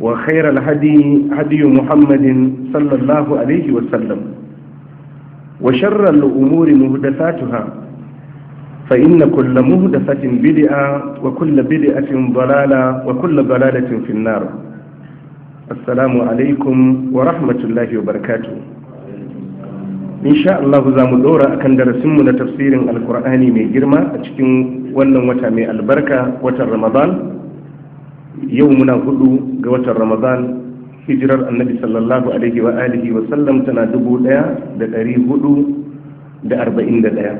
وخير الهدي هدي محمد صلى الله عليه وسلم وشر الأمور مهدفاتها فإن كل مهدفة بدعة وكل بدعة ضلالة وكل ضلالة في النار السلام عليكم ورحمة الله وبركاته إن شاء الله زام الدورة أكن درسمنا تفسير القرآن من جرمة أتكين ونن وتامي البركة وتر رمضان yau muna hudu ga watan ramadan hijirar annabi sallallahu alaihi wa alihi wa sallam tana dubu daya da dari hudu da arba'in da daya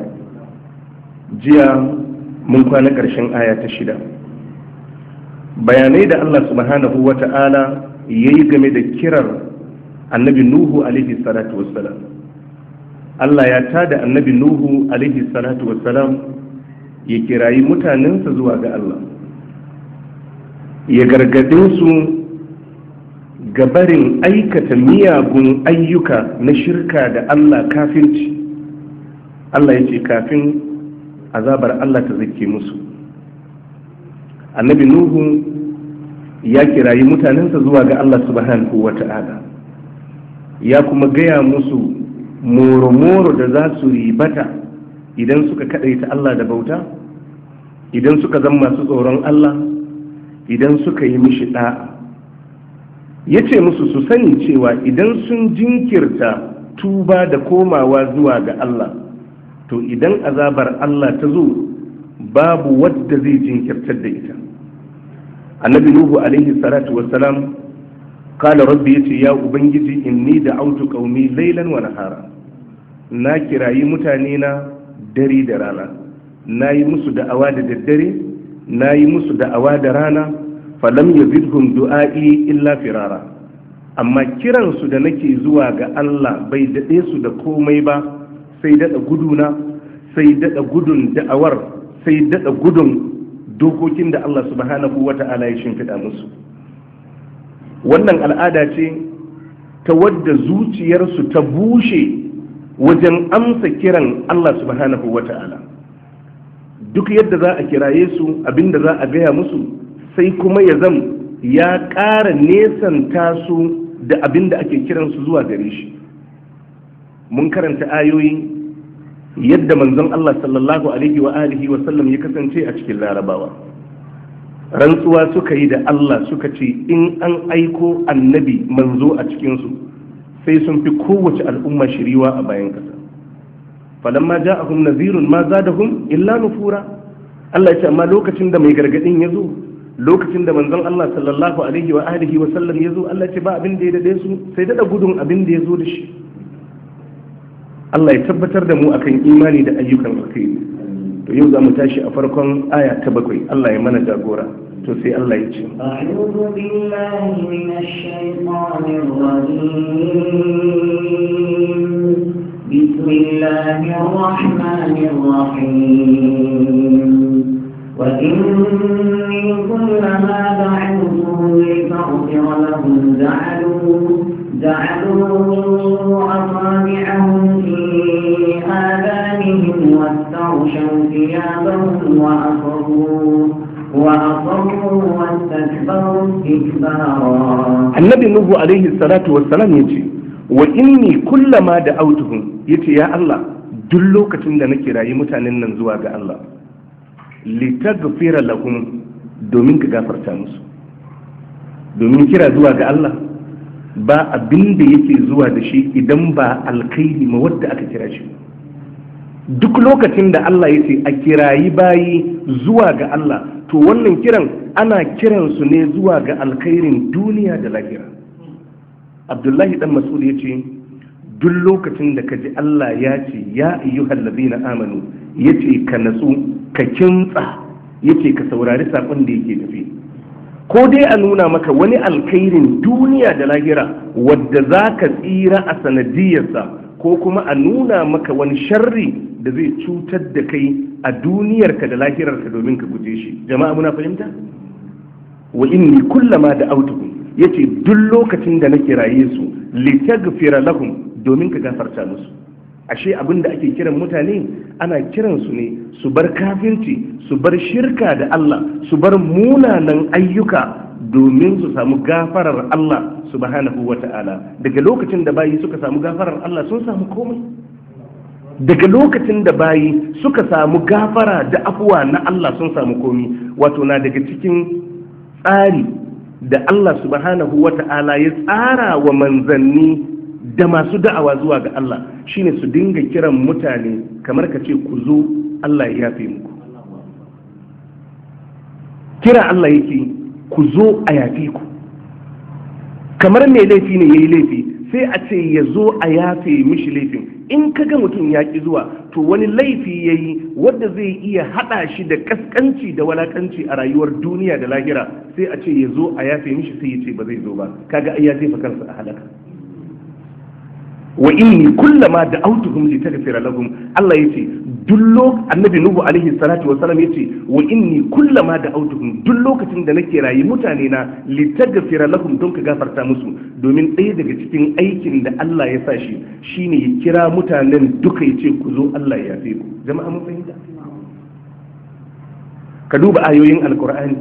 jiya mun kwana karshen aya ta shida bayanai da allah subhanahu wa ta'ala ya yi game da kirar annabi nuhu alaihi salatu wassalam allah ya tada annabi nuhu alaihi salatu wassalam ya kirayi mutanensa zuwa ga allah ya gargaɗe su ga barin aikata miyagun ayyuka na shirka da Allah ci. Allah ya ce kafin azabar Allah ta zake musu annabi nuhu ya kirayi mutanensa zuwa ga Allah subhanahu wa ta'ala ya kuma gaya musu moro-moro da za su ribata idan suka kaɗaita Allah da bauta idan suka zama masu tsoron Allah idan suka yi mishi da'a ya ce musu su sani cewa idan sun jinkirta tuba da komawa zuwa ga Allah to idan azabar Allah ta zo babu wadda zai jinkirtar da ita annabi nuhu alaihi salatu wassalam kala rabbi yace ya ubangiji inni da autu qaumi laylan wa nahara na kirayi mutane na dare da rana na yi musu da'awa da daddare na yi musu da'awa da rana falam ya zidhum du'a'i illa firara amma kiransu da nake zuwa ga Allah bai daɗe su da komai ba sai daɗa guduna sai daɗa gudun da'awar sai daɗa gudun dokokin da Allah subhanahu wa ta'ala ya shimfiɗa musu wannan al'ada ce ta wadda zuciyarsu ta bushe wajen amsa kiran Allah subhanahu wa ta'ala duk yadda za a kiraye su abinda za a gaya musu sai kuma ya zam ya ƙara nesanta su da abinda ake su zuwa gare shi mun karanta ayoyi yadda manzon Allah sallallahu alaihi wa alihi wa sallam ya kasance a cikin larabawa rantsuwa suka yi da Allah suka ce in an aiko annabi manzo a cikin su sai sun fi kowace al'umma shiriwa a bayan kasa falamma ja'ahum nadhirun ma zadahum illa nufura Allah ya ce amma lokacin da mai gargadin ya zo lokacin da manzon Allah sallallahu alaihi wa alihi wa sallam ya zo Allah ya ce ba abin da ya dade su sai dada gudun abin da ya zo da shi Allah ya tabbatar da mu akan imani da ayyukan alkhairi to yau za mu tashi a farkon aya ta bakwai Allah ya mana jagora to sai Allah ya ce a'udhu billahi minash shaitanir rajim بسم الله الرحمن الرحيم وإني كلما دعوتهم لتغفر لهم جعلوا جعلوا أصابعهم في آذانهم واستغشوا ثيابهم وأصروا وأصروا واستكبروا استكبارا النبي نوح عليه الصلاة والسلام يجي wa inni kullama da autuhum yace ya Allah duk lokacin da na kirayi mutanen nan zuwa ga Allah litaghfira lahum domin ka gafarta musu domin kira zuwa ga Allah ba abin da yake zuwa da shi idan ba alkhairi ma wadda aka kira shi duk lokacin da Allah ya ce a kirayi bayi zuwa ga Allah to wannan kiran ana kiransu ne zuwa ga alkhairin duniya da lahira abdullahi dan mas'ud ya ce duk lokacin da ka ji allah ya ce ya ayyuhal ladina amanu ya ce ka natsu ka kintsa ya ce ka saurari saƙon da yake tafi ko dai a nuna maka wani alkhairin duniya da lahira wadda za ka tsira a sanadiyarsa ko kuma a nuna maka wani sharri da zai cutar da kai a duniyarka da lahirarka domin ka guje shi jama'a muna fahimta wa inni kullama da autuhu yace duk lokacin da na kiraye su litagfira lahum domin ka gafarta musu ashe abin da ake kiran mutane ana kiran su ne su bar kafirci su bar shirka da Allah su bar munanan ayyuka domin su samu gafarar Allah subhanahu wata'ala daga lokacin da bayi suka samu gafarar Allah sun samu komai daga lokacin da bayi suka samu gafara da afuwa na Allah sun samu komi wato na daga cikin tsari da Allah subhanahu wa ta'ala ya tsara wa manzanni da masu da'awa zuwa ga Allah shine su dinga kiran mutane kamar ka ce ku zo Allah ya yafe muku kira Allah yake ku zo a yafe ku kamar mai laifi ne ya yi laifi sai a ce ya zo a yafe mishi laifin in ka ga mutum ya ƙi zuwa to wani laifi ya yi wadda zai iya haɗa shi da ƙasƙanci da walaƙanci a rayuwar duniya da lahira sai a ce ya zo a yafe mishi sai ya ce ba zai zo ba kaga ai ya jefa kansa a halaka wa inni kullama da autuhum li taghfira lahum Allah yace dullo annabi nuhu alaihi salatu wa salam yace wa inni kullama da autuhum duk lokacin da nake rayi mutane na li taghfira lahum don ka gafarta musu domin ɗaya daga cikin aikin da Allah ya sa shi shine ya kira mutanen duka yace ku zo Allah ya yafe ku jama'a mun fahimta ka duba ayoyin alqur'ani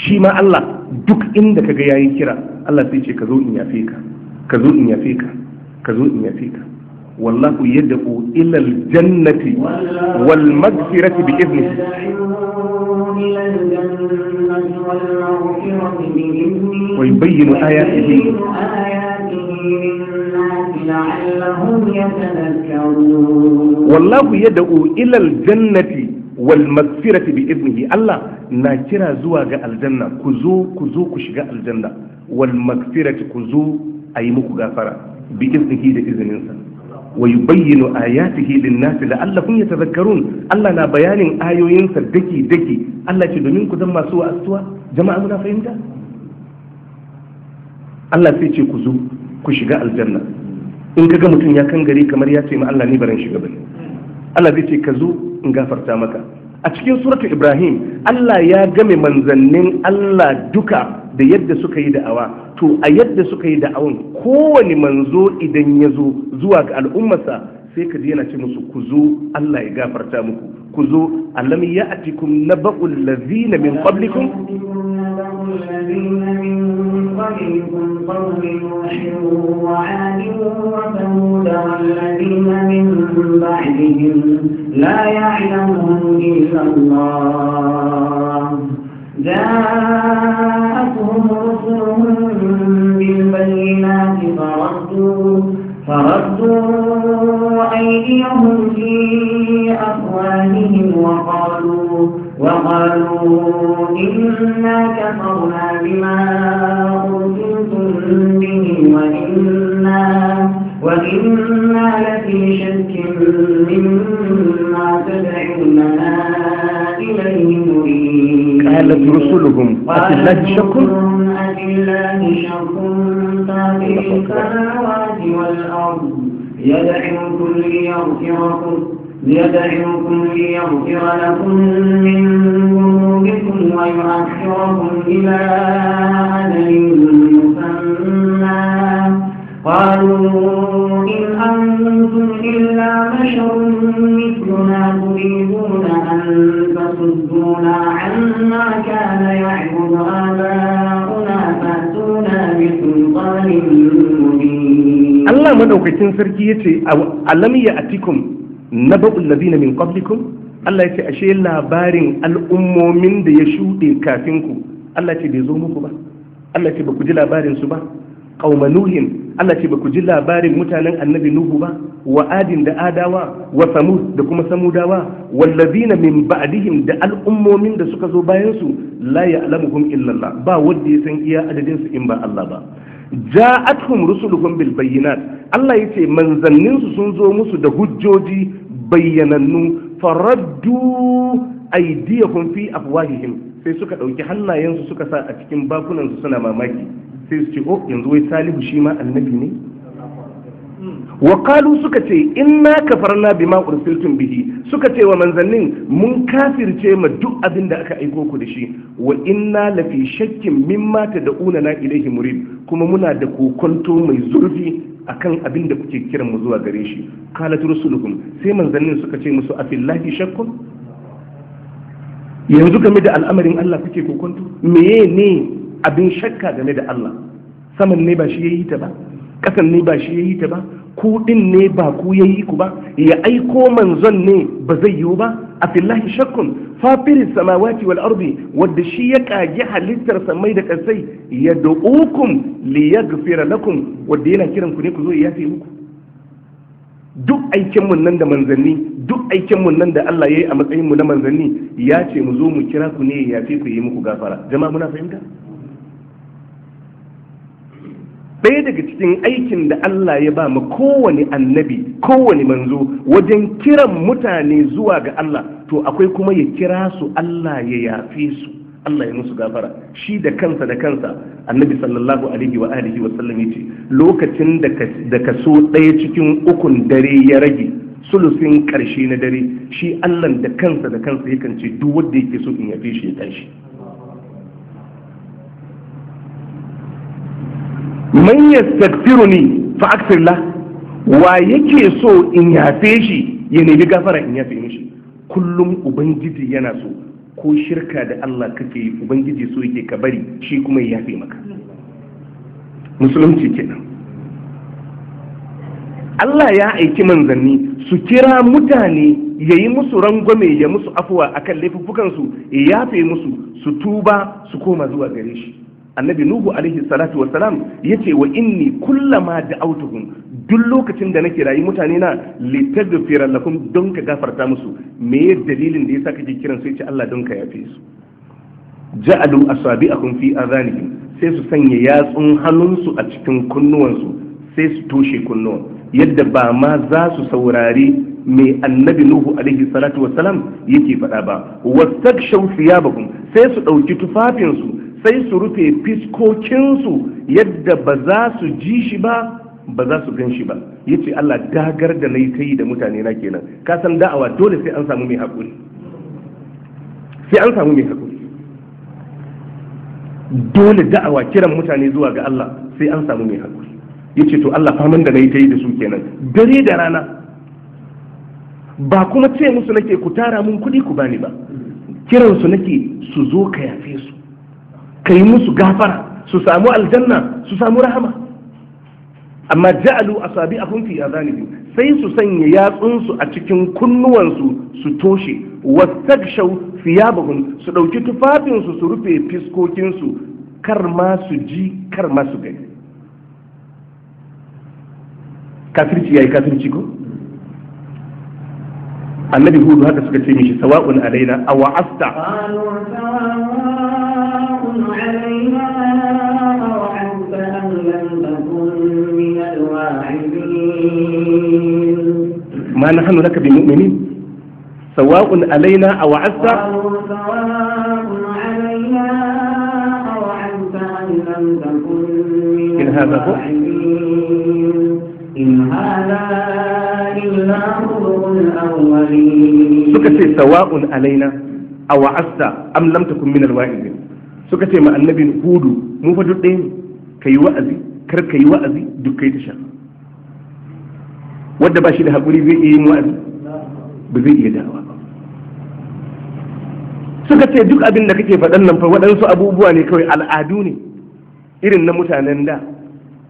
shi ma Allah duk inda kaga yayin kira Allah sai ce ka zo in yafe ka ka zo in yafe ka ka zo in yafe ka wallahu yad'u ila aljannati wal maghfirati bi idnihi wa yubayyinu ayatihi wallahu yad'u ila aljannati wal maghfirati bi idnihi Allah na kira zuwa ga aljanna ku zo ku zo ku shiga aljanna wal maghfirati ku zo ayi muku gafara bi iznihi da izininsa wa yubayyinu ayatihi lin-nasi la'allahum yatadhakkarun Allah na bayanin ayoyinsa daki daki Allah ce domin ku zama masu wa'astuwa jama'a muna fahimta Allah sai ce ku zo ku shiga aljanna in kaga mutum ya kangare kamar ya ce ma Allah ni baran shiga bane Allah zai ce ka zo in gafarta maka a cikin suratu Ibrahim Allah ya game manzannin Allah duka da yadda suka yi da'awa to a yadda suka yi da'awan kowane manzo idan ya zo zuwa ga al'ummarsa sai ka yana ce musu ku zo Allah ya gafarta muku ku zo alam ya a cikin na baƙul qablikum قبلكم قوم لا يعلمهم إلا الله جاءتهم رسلهم بالبينات فردوا, فردوا أيديهم في أفواههم وقالوا وقالوا إنا كفرنا بما أرسلتم به وإنا, وإنا لفي شك مما تدعوننا إليه مريد قالت رسلهم أفي الله شك أفي الله شك السماوات والأرض يدعوكم ليغفركم يدعوكم ليغفر لكم من ذنوبكم ويؤخركم إلى أجل مسمى قالوا إن أنتم إلا بشر مثلنا تريدون أن تصدونا عما كان يعبد آباؤنا فأتونا بسلطان مبين الله من أوكتين سركيتي أو ألم يأتكم نبأ الذين من قبلكم Allah ya ce ashe labarin al'ummomin da ya shuɗe kafinku Allah ce bai zo muku ba Allah ce ba ku ji ba qauma nuhin Allah ce ba ku ji labarin mutanen annabi nuhu ba wa adin da adawa wa samud da kuma samudawa wallazina min ba'dihim da al'ummomin da suka zo bayan su la ya'lamuhum illa Allah ba wanda ya san iya adadin su in ba Allah ba ja'atuhum rusuluhum bil bayyinat Allah yace manzannin su sun zo musu da hujjoji bayyanannu faraddu aydiyahum fi afwahihim sai suka dauki hannayensu suka sa a cikin bakunansu suna mamaki sai su ce oh yanzu wai salihu shi ma annabi ne hmm. wa kalu suka ce inna kafarna bima ursiltum bihi suka ce wa manzannin mun kafirce ma duk abin da aka aiko ku da shi wa inna lafi shakkin mimma tad'una na ilaihi murid kuma muna da kokonto mai zurfi akan abin da kuke kiran mu zuwa gare shi qalat rusuluhum sai manzannin suka ce musu afillahi shakkun yanzu game da al'amarin Allah kuke kokonto meye ne abin shakka game da Allah saman ne ba shi ya yi ta ba ƙasan ne ba shi ya yi ta ba kuɗin ne ba ku ya yi ku ba ya aiko manzon ne ba zai yiwu ba a fillahi shakkun fafirin samawati wal arbi, wadda shi ya kage halittar samai da kasai ya da'ukum li yaghfira lakum wadda yana kiran ku ne ku zo ya fi muku duk aikin mun nan da manzanni duk aikin mun nan da Allah yayi a matsayin mu na manzanni ya ce mu zo mu kira ku ne ya fi ku yi muku gafara jama'a muna fahimta ɗaya daga cikin aikin da Allah ya ba mu kowane annabi kowane manzo wajen kiran mutane zuwa ga Allah to akwai kuma ya kira su Allah ya yafe su Allah ya musu gafara shi da kansa da kansa annabi sallallahu alaihi wa alihi wa sallam yace lokacin da ka so ɗaya cikin ukun dare ya rage sulusin ƙarshe na dare shi Allah da kansa da kansa yakan ce duk wanda yake so in yafe shi ya tashi man ni fa aghfir la wa yake so in yafe shi ya nemi gafara in yafe mishi kullum ubangiji yana so ko shirka da Allah kake yi ubangiji so yake ka bari shi kuma ya yafe maka musulunci kenan Allah ya aiki manzanni su kira mutane ya yi musu rangwame ya musu afuwa akan laifuffukansu ya yafe musu su tuba su koma zuwa gare shi annabi nuhu alaihi salatu wa salam yace wa inni kullama da'awtuhum duk lokacin da nake rayi mutane na litaghfira lakum don ka gafarta musu me dalilin da yasa kake kiran su yace Allah don ka yafe su ja'alu asabi'akum fi adhanihim sai su sanya yatsun hannunsu a cikin kunnuwansu sai su toshe kunnuwan yadda ba ma za su saurari mai annabi nuhu alaihi salatu wassalam yake faɗa ba ya thiyabahum sai su ɗauki tufafinsu sai su rufe fiskokinsu yadda ba za su ji shi ba ba za su gan shi ba yace Allah dagar da nayi ta yi da mutane na kenan ka san da'awa dole sai an samu mai hakuri sai an samu mai hakuri dole da'awa kiran mutane zuwa ga Allah sai an samu mai hakuri yace to Allah faman da nayi ta yi da su kenan dare da rana ba kuma ce musu nake ku tara mun kuɗi ku bani ba kiransu nake su zo ka yafe su ka yi musu gafara su samu aljanna su samu rahama amma ja'alu asabi a fi azanihim sai su sanya yatsunsu a cikin kunnuwansu su toshe wastakshaw thiyabahum su ɗauki tufafinsu su rufe fiskokinsu kar ma su ji kar ma su gani kafirci yayi kafirci ko annabi hudu haka suka ce mishi sawa'un alaina aw asta ما نحن لك بمؤمنين سواء علينا أو عزت إن هذا هو إن هذا إلا هو suka ce sawa'un alaina a wa'asta am lam takun min alwa'izin suka ce ma hudu mu fa duk ɗaya ne kai wa'azi kar kai wa'azi duk kai tasha wanda ba shi da hakuri zai iya yin wa'azi ba zai iya dawa suka ce duk abin da kake faɗan nan fa waɗansu abubuwa ne kawai al'adu ne irin na mutanen da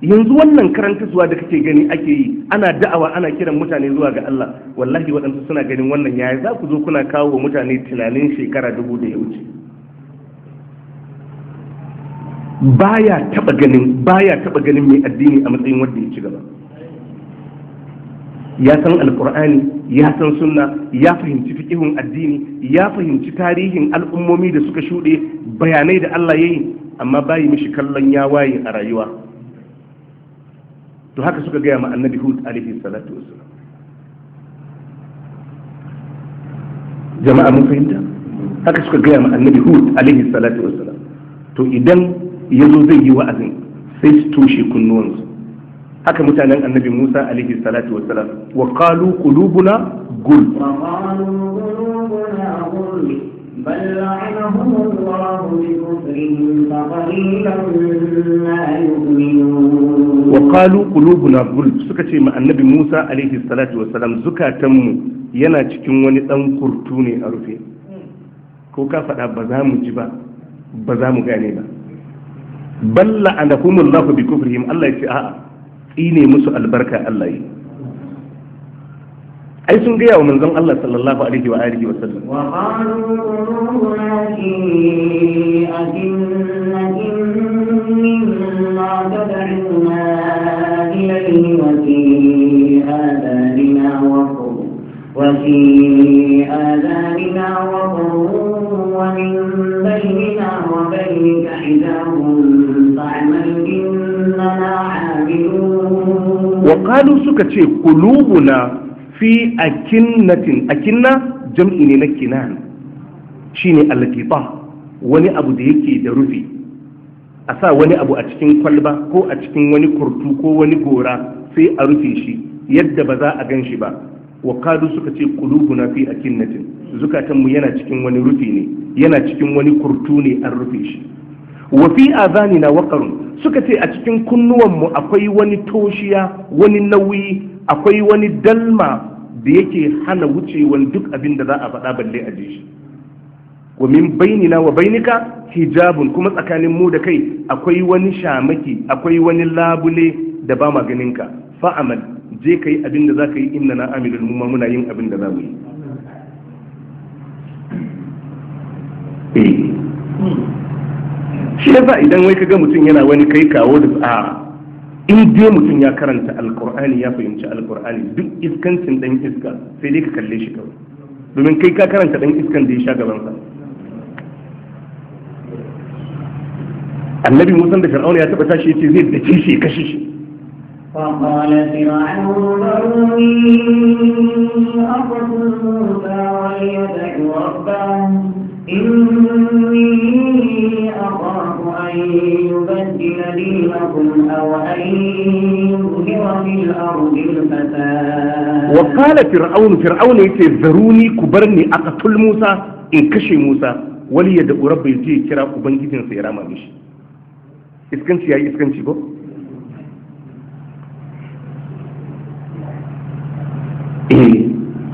yanzu wannan karanta zuwa da kake gani ake yi ana da'awa ana kiran mutane zuwa ga Allah wallahi waɗansu suna ganin wannan yaya za ku zo kuna kawo wa mutane tunanin shekara dubu da ya wuce baya taba ganin baya taba ganin mai addini a matsayin wanda ya ci gaba ya san alkur'ani ya san sunna ya fahimci fikihun addini ya fahimci tarihin al'ummomi da suka shuɗe bayanai da Allah ya yi amma bayi mishi kallon ya waye a rayuwa to haka suka gaya ma annabi hud alaihi salatu wasalam jama'a mun fahimta haka suka gaya ma annabi hud alaihi salatu wasalam to idan ya zo zai yi wa'azin sai su toshe kunnuwansu haka mutanen annabi musa alaihi salatu wasalam wa qalu qulubuna wa qalu qulubuna gul بل لعنهم الله بكفرهم فقليلا ما يؤمنون وقالوا قلوبنا غلف سكتي مع النبي موسى عليه الصلاة والسلام زكاة yana cikin wani ɗan kurtu ne a rufe ko ka faɗa ba za mu ji ba ba za mu gane ba balla anakumullahu bi kufrihim Allah ya ce a'a tsine musu albarka Allah ai sun gaya wa manzon Allah sallallahu alaihi wa alihi wa sallam wa wa وقالوا سكتي قلوبنا fi a a kinna jam'i ne na kinan shi ne latifa wani abu da yake da rufi a sa wani abu a cikin kwalba ko a cikin wani kurtu ko wani gora sai a rufe shi yadda ba za a gan shi ba wa kadu suka ce na fi a kinnatin zukatanmu yana cikin wani rufi ne yana cikin wani kurtu ne an rufe shi wa fi na waqarun suka ce a cikin kunnuwanmu akwai wani toshiya wani nauyi akwai wani dalma da yake hana wucewan duk abin da za a faɗa balle a ji shi wa min bainina wa bainika hijabun kuma tsakanin mu da kai akwai wani shamaki akwai wani labule da ba maganinka. ganin ka fa'amal je yi abin da za ka yi inna na amirin mu muna yin abin da za mu yi eh. shi yasa idan wai ka ga mutum yana wani kai kawo da a in dai mutum ya karanta alkur'ani ya fahimci alkur'ani duk iskancin dan iska sai dai ka kalle shi kawai domin kai ka karanta dan iskan da ya sha gabansa annabi musan da fir'auna ya taba tashi yace zai dace shi kashe shi فقال فرعون ذروني أقتل موسى وليدع ربه وقال فرعون فرعون يتي يتذروني كبرني أقتل موسى إن كشي موسى ولي يدعو ربي يجي كرا سيرا ما مش إسكنشي أي إسكنشي بو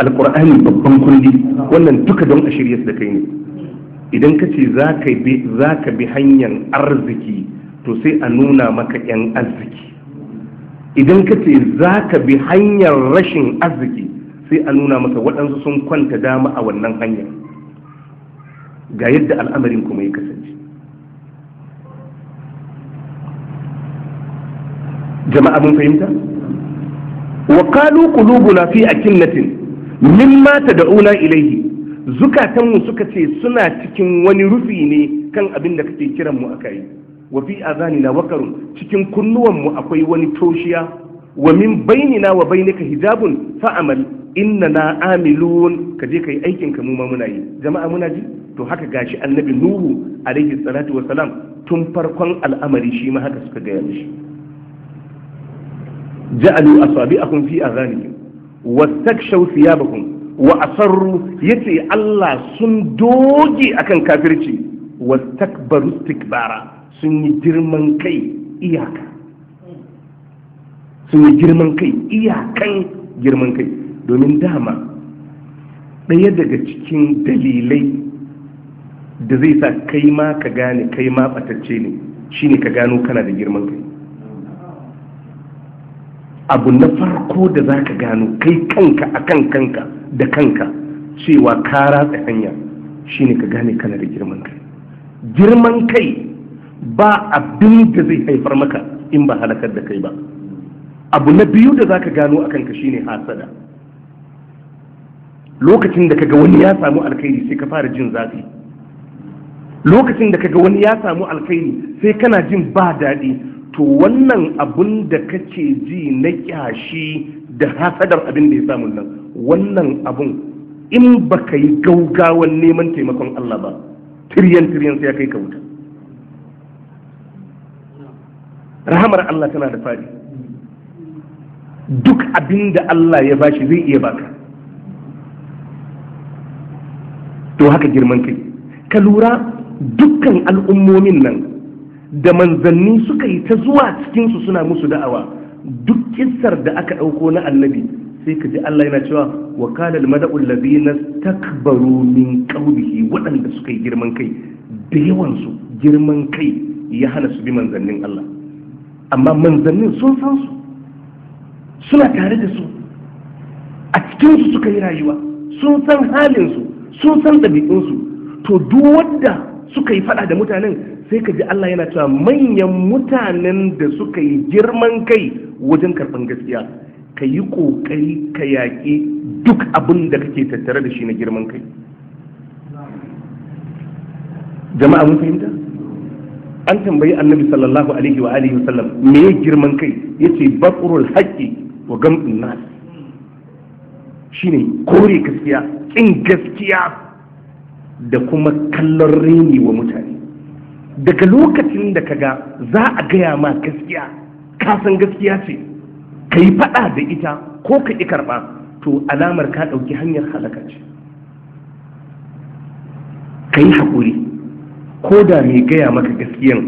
alkur'ani babban kundi wannan duka don a shirye idan ka ce za ka bi hanyar arziki to sai a nuna maka 'yan arziki idan ka ce za ka bi hanyar rashin arziki sai a nuna maka waɗansu sun kwanta dama a wannan hanyar ga yadda al'amarin kuma ya kasance jama'a mun fahimta wa qalu qulubuna fi akinnatin mimma tad'una ilayhi zukatanmu suka ce suna cikin wani rufi ne kan abin da kake kiran mu aka yi wa fi na wakarun cikin kunnuwanmu akwai wani toshiya wa min bainina wa bainika hijabun fa'amal na, amilun ka je kai aikin ka mu ma muna yi jama'a muna ji to haka gashi annabi nuhu alaihi salatu wa salam tun farkon al'amari shi ma haka suka gaya mishi ja'alu asabi'akum fi azanihim wastakshaw thiyabakum wa asarru yace Allah sun doge akan kafirci wastakbaru istikbara sun yi girman kai iyaka sun yi girman kai iyakan girman kai domin dama ɗaya daga cikin dalilai da zai sa kai ma ka gane kai ma ɓatacce ne shine ka gano kana da girman kai abu na farko da za ka gano kai kanka a kan kanka da kanka cewa ka ratsa hanya shine ka gane kana da girman kai girman kai ba abin da zai haifar maka in ba halakar da kai ba abu na biyu da za ka gano a kanka shine hasada lokacin da kaga wani ya samu alkhairi sai ka fara jin zafi lokacin da kaga wani ya samu alkhairi sai kana jin ba daɗi to wannan abun da kake ji na kyashi da hasadar abin da ya samu nan wannan abun in baka yi gaugawan neman taimakon Allah ba tiryan tiryan sai ya kai ka wuta rahamar Allah tana da fari duk abin da Allah ya bashi zai iya baka to haka girman kai ka lura dukkan al'ummomin nan da manzanni suka yi ta zuwa cikinsu suna musu da'awa duk kissar da aka ɗauko na annabi sai ka ji Allah yana cewa wa kalal mada'ul ladina takbaru min qawlihi waɗanda suka yi girman kai da yawan su girman kai ya hana su bi manzannin Allah amma manzannin sun san su suna tare da su a cikin su suka yi rayuwa sun san halin su sun san ɗabi'un su to duk wanda suka yi fada da mutanen sai ka ji Allah yana cewa manyan mutanen da suka yi girman kai wajen karɓan gaskiya ka yi ƙoƙari ka yaƙi duk abin da kake tattare da shi na girman kai jama'a mun fahimta an tambayi annabi sallallahu alaihi wa alihi wasallam me ya girman kai yace baqrul haqqi wa gam'un nas shine kore gaskiya kin gaskiya da kuma kallon reni wa mutane daga lokacin da ka ga za a gaya ma gaskiya ka gaskiya ce ka yi faɗa da ita ko ka ƙi karɓa to alamar ka ɗauki hanyar halaka ce ka yi haƙuri ko da mai gaya maka gaskiyan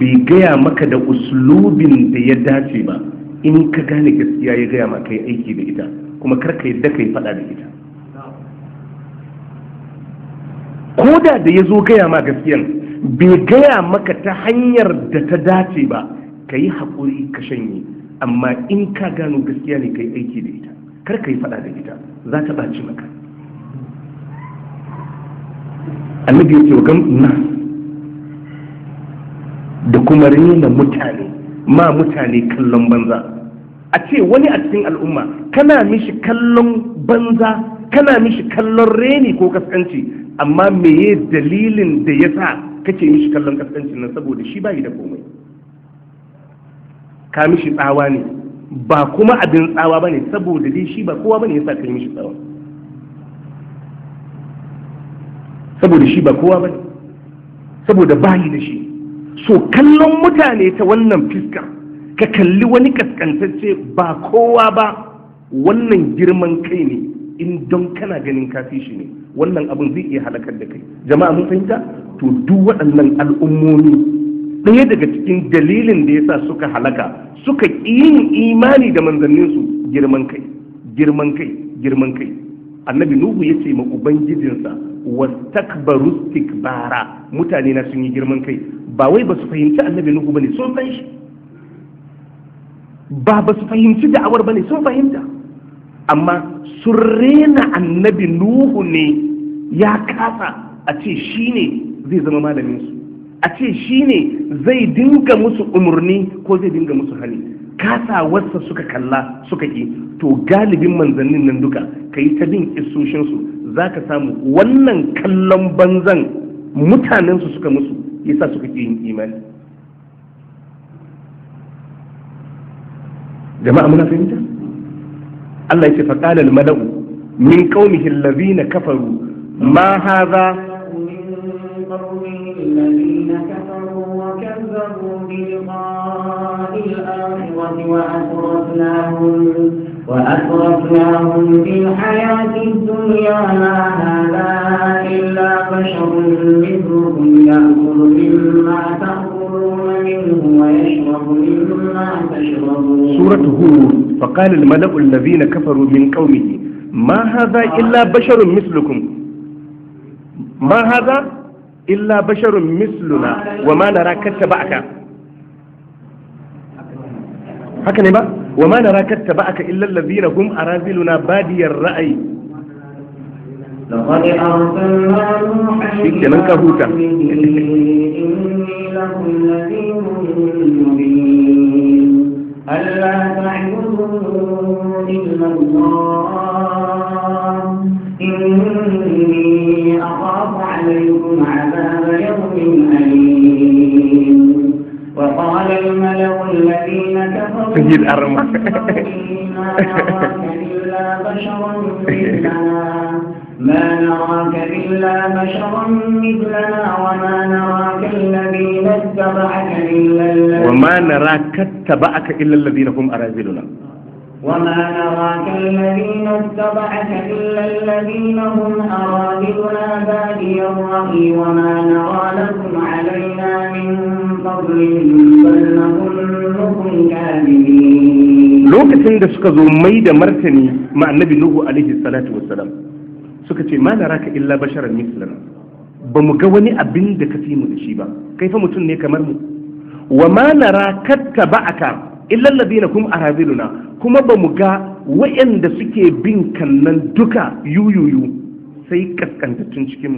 bai gaya maka da uslubin da ya dace ba in ka gane gaskiya ya gaya maka yi aiki da ita kuma karka yadda ka yi faɗa da ita ko da da ya zo gaya ma gaskiyan bai gaya maka ta hanyar da ta dace ba ka yi haƙuri ka shanye amma in ka gano gaskiya ne ka yi aiki da ita kar ka yi faɗa da ita za ta ɓaci maka annabi ya ce wa na da kuma rena mutane ma mutane kallon banza a ce wani a cikin al'umma kana mishi kallon banza kana mishi kallon reni ko kaskanci amma meye dalilin da ya sa kake mishi kallon kaskancin nan saboda shi yi da komai ka mishi tsawa ne ba kuma abin tsawa ba ne saboda dai shi ba kowa ba ne ya sa ka yi mishi tsawa saboda shi ba kowa ba ne saboda yi da shi so kallon mutane ta wannan fiskar ka kalli wani kaskantacce ba kowa ba wannan girman kai ne in don kana ganin kafi shi ne wannan abin zai iya halakar da kai jama'a mun fahimta to duk waɗannan al'ummomi ɗaya daga cikin dalilin da ya sa suka halaka suka yin imani da manzanninsu girman kai girman kai girman kai annabi nuhu ya ce ma ubangijinsa wastakbaru istikbara mutane na sun yi girman kai ba wai ba su fahimci annabi nuhu bane sun san shi ba ba su fahimci da'awar bane sun fahimta amma sun rena annabi nuhu ne ya kasa a ce shi ne zai zama malamin su a ce shi ne zai dinga musu umarni ko zai dinga musu hali kasawarsa suka kalla suka ki to galibin manzannin nan duka ka yi ta bin isoshinsu za ka samu wannan kallon banzan mutanensu suka musu yasa suka ki yin imani jama'a muna fahimta Allah ya ce faqala al-mala'u min qaumihi na kafaru ma hadha القوم الذين كفروا وكذبوا بلقاء الآخرة وأترفناهم وأترفناهم في الحياة الدنيا ما هذا إلا بشر مثلكم يأكل مما تأكلون منه ويشرب مما تشربون سورة هود فقال الملأ الذين كفروا من قومه ما هذا إلا بشر مثلكم ما هذا إلا بشر مثلنا وما نراك اتبعك هكذا نبا وما نراك اتبعك إلا الذين هم أرازلنا بادي الرأي لقد أرسلنا نوحا إلى إني لهم نذير مبين ألا تعبدوا إلا الله إني أخاف عليكم عذاب يوم أليم وقال الملأ الذين كفروا من ما نراك إلا بشرا مثلنا ما نراك إلا بشرا مثلنا وما نراك الذين اتبعك إلا الذين وما نراك اتبعك إلا الذين هم أراذلنا وما نراك الذين اتبعك إلا الذين هم أرادلنا بادي الرأي وما نرى لكم علينا من فضل بل نظنكم كاذبين da suka zo mai da martani ma annabi Nuhu alaihi salatu wassalam suka ce ma naraka illa basharan mislana ba mu ga wani abin da ka fi mu da shi ba kai fa mutum ne kamar mu wa ma nara katta illal ladina kum arabiluna kuma ba mu ga wayanda suke bin kannan duka yuyuyu sai kaskantattun cikin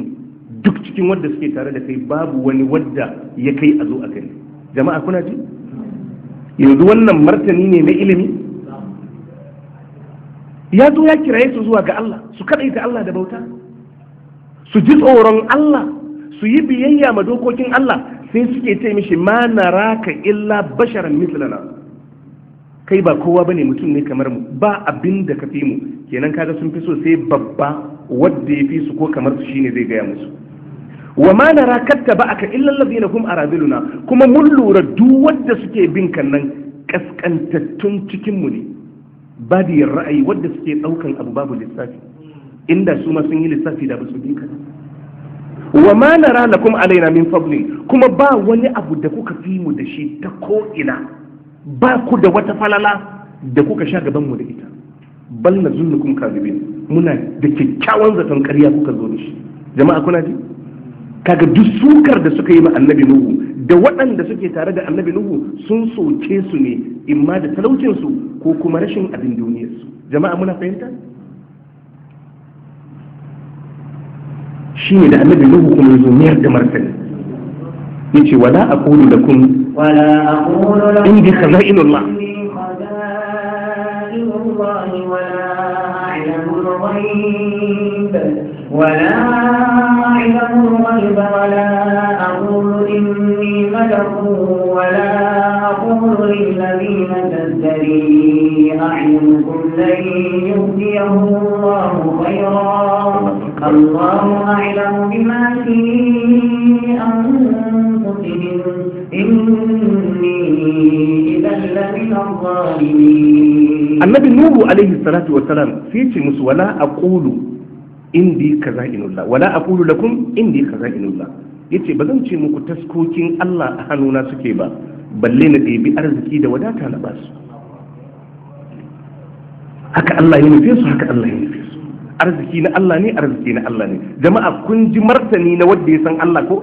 duk cikin wanda suke tare da kai babu wani wanda ya kai a zo a kai jama'a kuna ji yanzu wannan martani ne na ilimi ya zo ya kiraye su zuwa ga Allah su ta Allah da bauta su ji tsoron Allah su yi biyayya ma dokokin Allah sai suke ce mishi ma naraka illa basharan mislana kai ba kowa bane mutum ne kamar mu ba abin da ka fi mu kenan kaga sun fi so sai babba wadda ya fi su ko kamar su shine zai gaya musu wa ma nara katta ba aka illa allazina hum arabiluna kuma mun lura duk wanda suke bin kan nan kaskantattun cikin mu ne badiyar ra'ayi wadda suke daukan abu babu lissafi inda su ma sun yi lissafi da ba su wa ma nara lakum alaina min fadlin kuma ba wani abu da kuka fi mu da shi ta ko ina ba ku da wata falala da kuka sha gaban mu da ita bal na zunnukum kadibin muna da kyakkyawan zaton ƙarya kuka zo da shi jama'a kuna ji kaga duk sukar da suka yi ma annabi nuhu da waɗanda suke tare da annabi nuhu sun soke su ne imma da talaucin su ko kuma rashin abin duniyar su jama'a muna fahimta shine da annabi nuhu kuma yazo mayar da martani yace wala aqulu lakum ولا أقول لهم عندي خزائن الله عندي خزائن الله ولا أعلم الغيب ولا أعلم الغيب ولا أقول إني ملك ولا أقول للذين تزدري أعينكم لن يهديه الله خيرا الله أعلم بما في أنفسهم إني إذا لمن الظالمين النبي نوح عليه الصلاة والسلام في تيمس ولا أقول indi kaza kazainullah wala aqulu lakum indi kaza kazainullah yace ba zan ce muku taskokin Allah a hannuna suke ba balle na ɗebi arziki da wadata na basu haka Allah ya nufe su haka Allah ya nufe su arziki na Allah ne arziki na Allah ne jama'a kun ji martani na wanda ya san Allah ko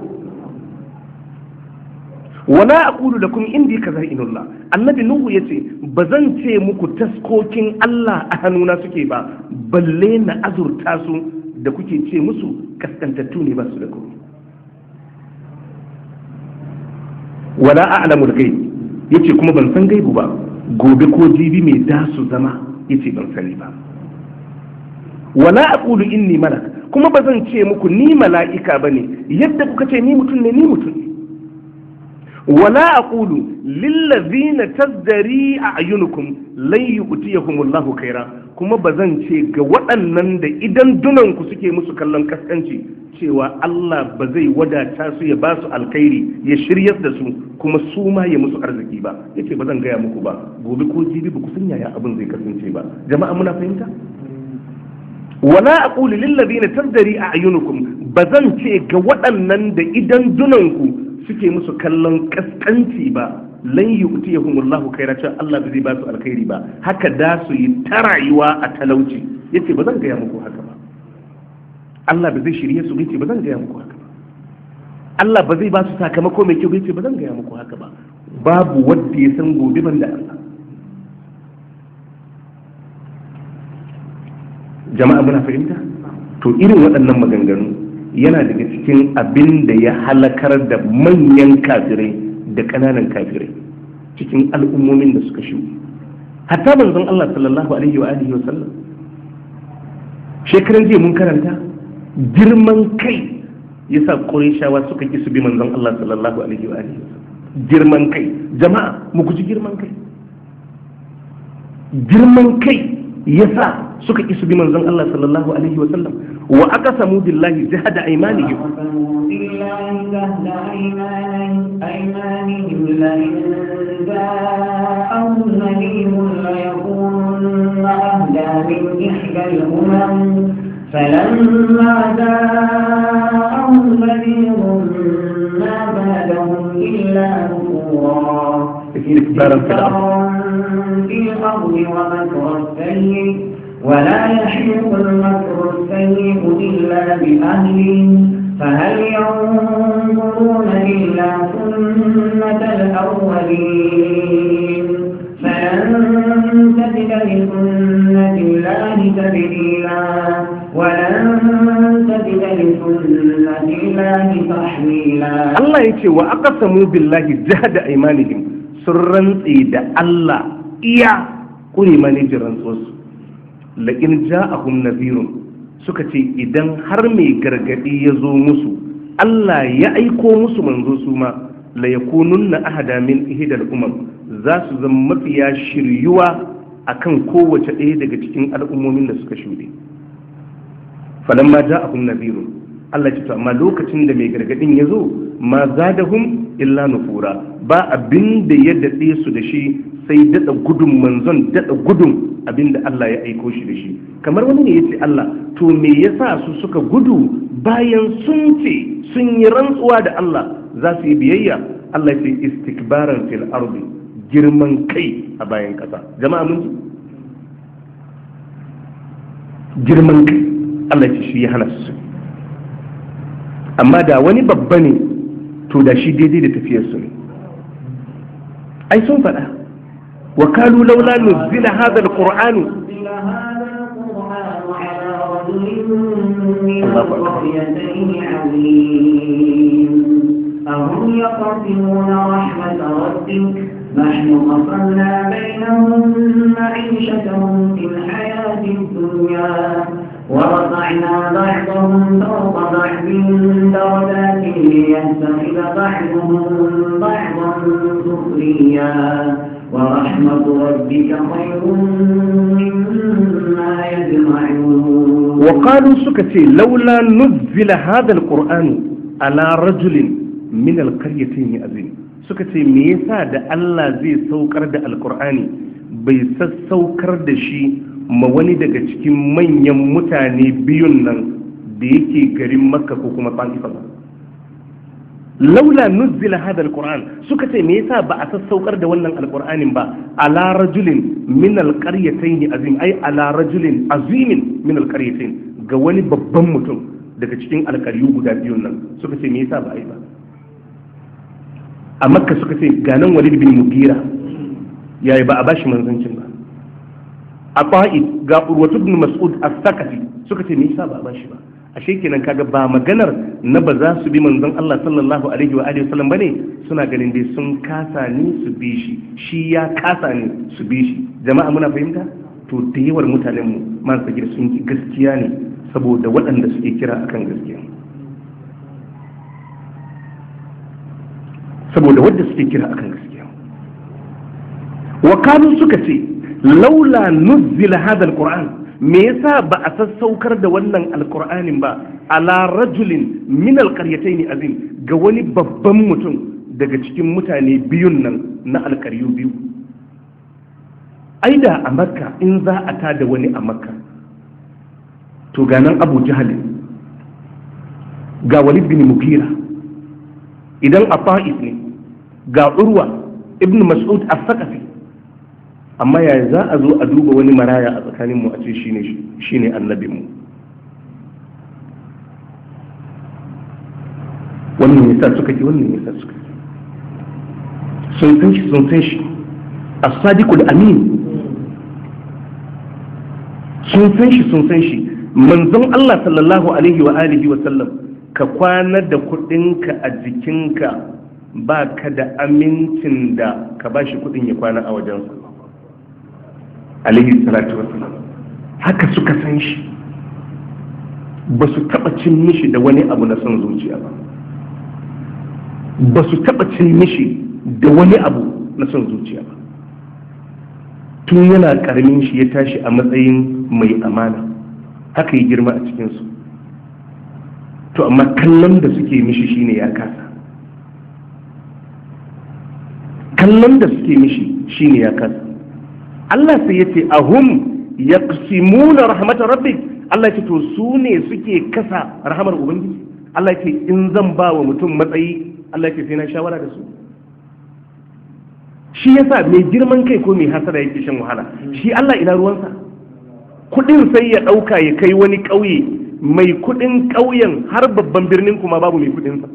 wala aqulu lakum indi kaza inullah annabi nuhu yace bazan ce muku taskokin Allah a hannuna suke ba balle na azurta su da kuke ce musu kaskantattu ne ba su da komai wala a'lamul ghaib yace kuma ban san gaibu ba gobe ko jibi mai da su zama yace ban sani ba wala aqulu inni malak kuma ba zan ce muku ni mala'ika bane yadda kuka ce ni mutum ne ni mutum ne ولا أقول للذين تزدري أعينكم لن يؤتيهم الله kaira. kuma ba zan ce ga waɗannan da idan dunanku suke musu kallon kaskanci cewa Allah ba zai wadata su ya ba su alkhairi ya shiryar da su kuma su ma ya musu arziki ba yace ba zan gaya muku ba gobe ko jibi ba ku san yaya abin zai kasance ba jama'a muna fahimta wala a na lil a ayyunukum ba zan ce ga waɗannan da idan dunanku suke musu kallon kaskanci ba lan yu'tiyahum Allahu khaira cha Allah bai ba su alkhairi ba haka da su yi ta rayuwa a talauci yace ba zan gaya muku haka ba Allah ba zai shirye su yace ba zan gaya muku haka ba Allah ba zai ba su sakamako mai kyau yace ba zan gaya muku haka ba babu wanda ya san gobe ban da Allah jama'a muna fahimta to irin waɗannan maganganu yana daga cikin abin da ya halakar da manyan kafirai da ƙananan kafirai cikin al'ummomin da suka shigo hatta zan Allah sallallahu alaihi wa alihi wa sallam shekaran jiya mun karanta girman kai yasa Qurayshawa suka ki su bi manzon Allah sallallahu alaihi wa alihi girman kai jama'a mu guji girman kai girman kai yasa suka isu bi manzon Allah sallallahu alaihi wa sallam wa aqsamu billahi jahada aymanihim فلما جاءهم نذير ما بلغهم إلا نفورا في الأرض ومكر السيء ولا يحيط المكر السيء إلا بأهله فهل ينظرون إلا سنة الأولين فلن تجد لسنة الله تبديلا ولن تجد لسنة الله تحويلا الله يقول وأقسموا بالله جهد أيمانهم sun rantse da Allah iya kure manajin rantsuwarsu laƙin ja'ahum nazirun suka ce idan har mai gargadi ya zo musu Allah ya aiko musu manzo su ma la yakununna ahada min ihidar umar za su zama mafiya shiryuwa a kan kowace ɗaya daga cikin al'ummomin da suka shuɗe falamma ja'ahum nazirun Allah ce to amma lokacin da mai gargadin ya zo ma zadahum illa nufura ba abin da ya daɗe su da shi sai daɗa gudun manzon daɗa gudun abin da Allah ya aiko shi da shi kamar wani ne ya ce Allah to me ya sa su suka gudu bayan sun ce sun yi rantsuwa da Allah za su yi biyayya Allah ce istikbaran fil ardi girman kai a bayan kasa jama'a mun girman kai Allah ce shi ya hana su amma da wani babba ne to da shi daidai da tafiyarsu ne ai sun faɗa wa kalu laula nuzila hadha alquran أهم يقسمون رحمة ربك نحن قصرنا بينهم معيشتهم في الحياة الدنيا ورفعنا بعضهم فوق بعض درجات ليتخذ بعضهم بعضا سخريا ورحمة ربك خير مما يجمعون وقالوا سكتي لولا نزل هذا القرآن على رجل من القريتين أذن سكتي ميسا دا الله زي سوكر دا القرآن بيسا سوكر دا شي ma wani daga cikin manyan mutane biyun nan da yake garin makka ko kuma ta'ifa ba laula nuzila hadha alquran suka ce me yasa ba a sassaukar da wannan alquranin ba ala rajulin min alqaryatayn azim ay ala rajulin azimin min alqaryatayn ga wani babban mutum daga cikin alkaryu guda biyun nan suka ce me yasa ba ai ba a makka suka ce ganan walid bin mugira yayi ba a bashi manzancin ba a ƙa'id ga urwatu ibn mas'ud a sakafi suka ce nisa yasa ba ba shi ba a kenan kaga ba maganar na ba za su bi manzon Allah sallallahu alaihi wa alihi wasallam bane suna ganin dai sun kasa ne su bi shi shi ya kasa ne su bi shi jama'a muna fahimta to da yawar mutanen mu masu gida sun ki gaskiya ne saboda waɗanda suke kira akan gaskiya saboda wanda suke kira akan gaskiya wa kanu suka ce laula nuzzila hada alquran me yasa ba a sassaukar da wannan alqur'anin ba ala rajulin min alqaryatayn azim ga wani babban mutum daga cikin mutane biyun nan na alkaryu biyu aida a makka in za a ta da wani a makka to ga nan abu jahal ga walid bin mukira idan a fa'is ne ga urwa ibn mas'ud as-saqafi amma yaya za a zo a duba wani maraya a tsakaninmu a ce shi ne annabinmu wannan ya sa suka ki wannan ya sa suka ki sun san shi sun san shi a sadiqul amin sun san shi sun san shi manzon Allah sallallahu alaihi wa alihi wa sallam ka kwana da kudinka a jikinka ba ka da amincin da ka bashi kudin ya kwana a wajen ku. alayhi salatu wasalam haka suka san shi ba su taba cin mishi da wani abu na son zuciya ba ba su taba cin mishi da wani abu na son zuciya ba tun yana karamin shi ya tashi a matsayin mai amana haka yi girma a cikinsu to amma kallon da suke mishi shine ya kasa kallon da suke mishi shine ya kasa Allah sai ya ce ahum simuna rahmatar rabbi? Allah ce to su ne suke kasa rahamar ubangiji Allah ce in zan ba wa mutum matsayi Allah ce sai na shawara da su shi yasa mai girman kai ko mai hasara yake shan wahala shi Allah ina ruwansa kudin sai ya dauka ya kai wani kauye mai kudin kauyen har babban birnin kuma babu mai kudin sa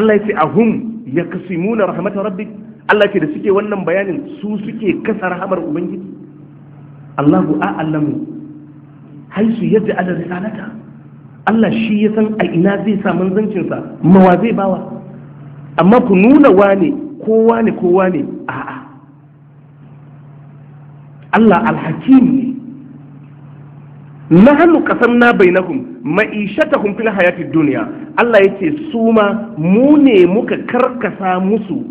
Allah ya ce ahum kasimuna rahmatar rabbi? Allah ke da suke wannan bayanin su suke kasa rahamar ubangiji Allahu Hai su yadda ala risalata Allah shi ya san a ina zai sa manzancinsa mawa zai bawa amma ku nuna wane kowa ne kowa ne a'a Allah alhakim ne Na hannu nahnu qasamna bainahum ma'ishatahum fil hayatid duniya. Allah yace su ma mu ne muka karkasa musu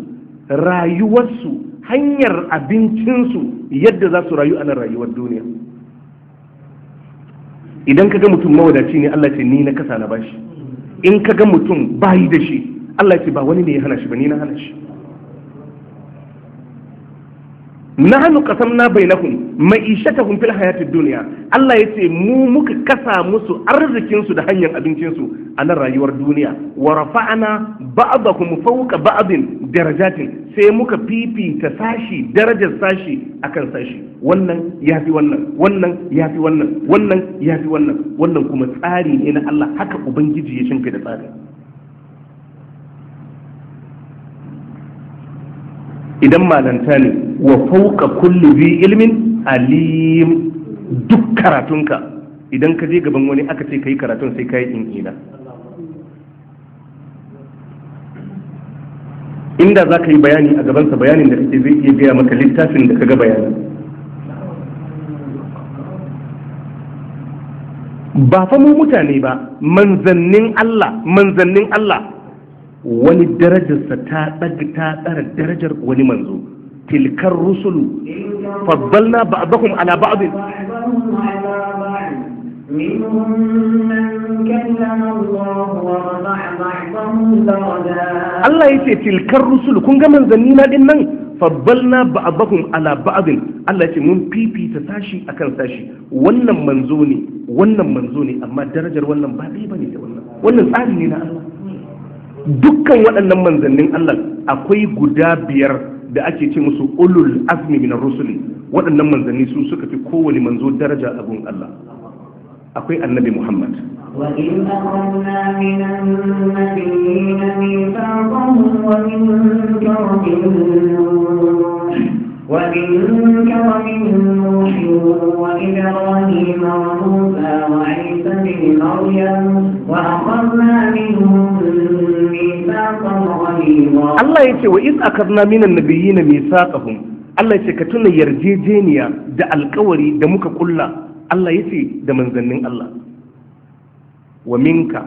rayuwarsu hanyar abincinsu yadda za su rayu a nan rayuwar duniya idan ka ga mutum mawadaci ne Allah ce ni na kasa na bashi in ka ga mutum bayi da shi Allah ce ba wani ne ya hana shi ba ni na hana shi nahnu qasamna bainahum ma'ishatahum fil hayatid duniya. Allah ya ce mu muka kasa musu arzikinsu da hanyar abincinsu a nan rayuwar duniya wa rafa'na ba'dahum fawqa ba'din darajatin sai muka fifita sashi darajar sashi akan sashi wannan yafi wannan wannan yafi wannan wannan yafi wannan wannan kuma tsari ne na Allah haka ubangiji ya da tsari idan malanta ne wa fauka kulli bi ilmin alim duk karatunka idan ka je gaban wani aka ce kai karatun sai kai in'ina inda za ka yi bayani a gabansa bayanin da kake zai iya gaya maka littafin da ka ga bayani ba fa mu mutane ba manzannin Allah manzannin Allah wani darajarsa ta ɗaga ta tsara darajar wani manzo tilkar rusulu faddalna ba'dahum ala ba'd منهم من كلم الله ورفع بعضهم درجات الله يتي تلك الرسل كون من زنينا دين نن فضلنا بعضهم على بعض الله يتي mun fifita sashi akan sashi. wannan manzo ne wannan manzo ne amma darajar wannan ba dai bane da wannan wannan tsari ne na Allah dukkan waɗannan manzannin Allah akwai guda biyar da ake ce musu ulul azmi min rusuli waɗannan manzanni su suka fi kowane manzo daraja abun Allah akwai annabi Muhammad wa ومنك ومن نوح وإبراهيم وموسى وعيسى بن مريم وأخذنا منهم ميثاقا غليظا الله يتي وإذ أخذنا من النبيين ميثاقهم Allah ya ce ka tuna yarjejeniya da alkawari da muka kulla Allah ya ce da manzannin Allah wa minka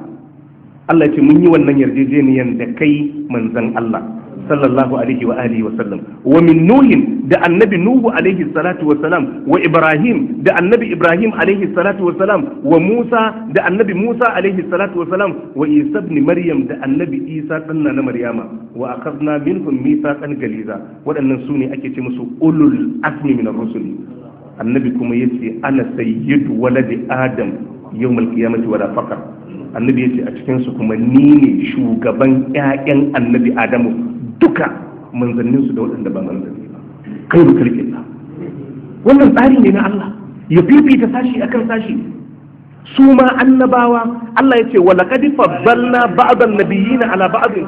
Allah ya ce mun yi wannan yarjejeniyan da kai manzan Allah sallallahu alaihi wa alihi wa sallam wa min nuhin da annabi nuhu alaihi salatu wa salam wa ibrahim da annabi ibrahim alaihi salatu wa salam wa musa da annabi musa alaihi salatu wa salam wa isa ibn maryam da annabi isa danna na maryama wa akhadna minhum mithaqan galiza waɗannan su ne ake ce musu ulul azmi min ar-rusuli annabi kuma yace ana sayyidu waladi adam yawmal qiyamati wala faqar annabi yace a cikin su kuma ni ne shugaban ƴaƴan annabi adamu duka manzanninsu da waɗanda ba manzanni ba kai mutarkin ba wannan tsari ne na Allah ya fifita sashi akan sashi su ma annabawa Allah ya ce wa laqad faddalna ba'dan nabiyina ala ba'din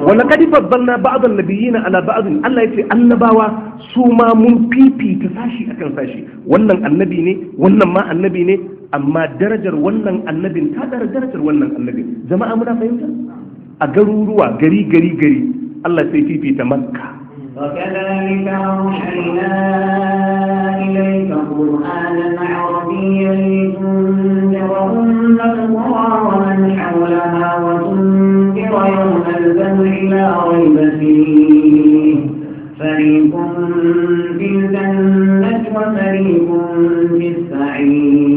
Wani kadi faddalna ba'd an-nabiyina ala ba'd Allah ya ce annabawa su ma mun fifita sashi akan sashi wannan annabi ne wannan ma annabi ne amma darajar wannan annabin ta darajar wannan annabin jama'a muna fahimta a garuruwa gari gari gari Allah sai fifita makka وكذلك أوحينا إليك قرآنا عربيا لتنذر أم القرى ومن حولها وتنذر يوم الجمع لا ريب فيه فريق في الجنة وفريق في السعير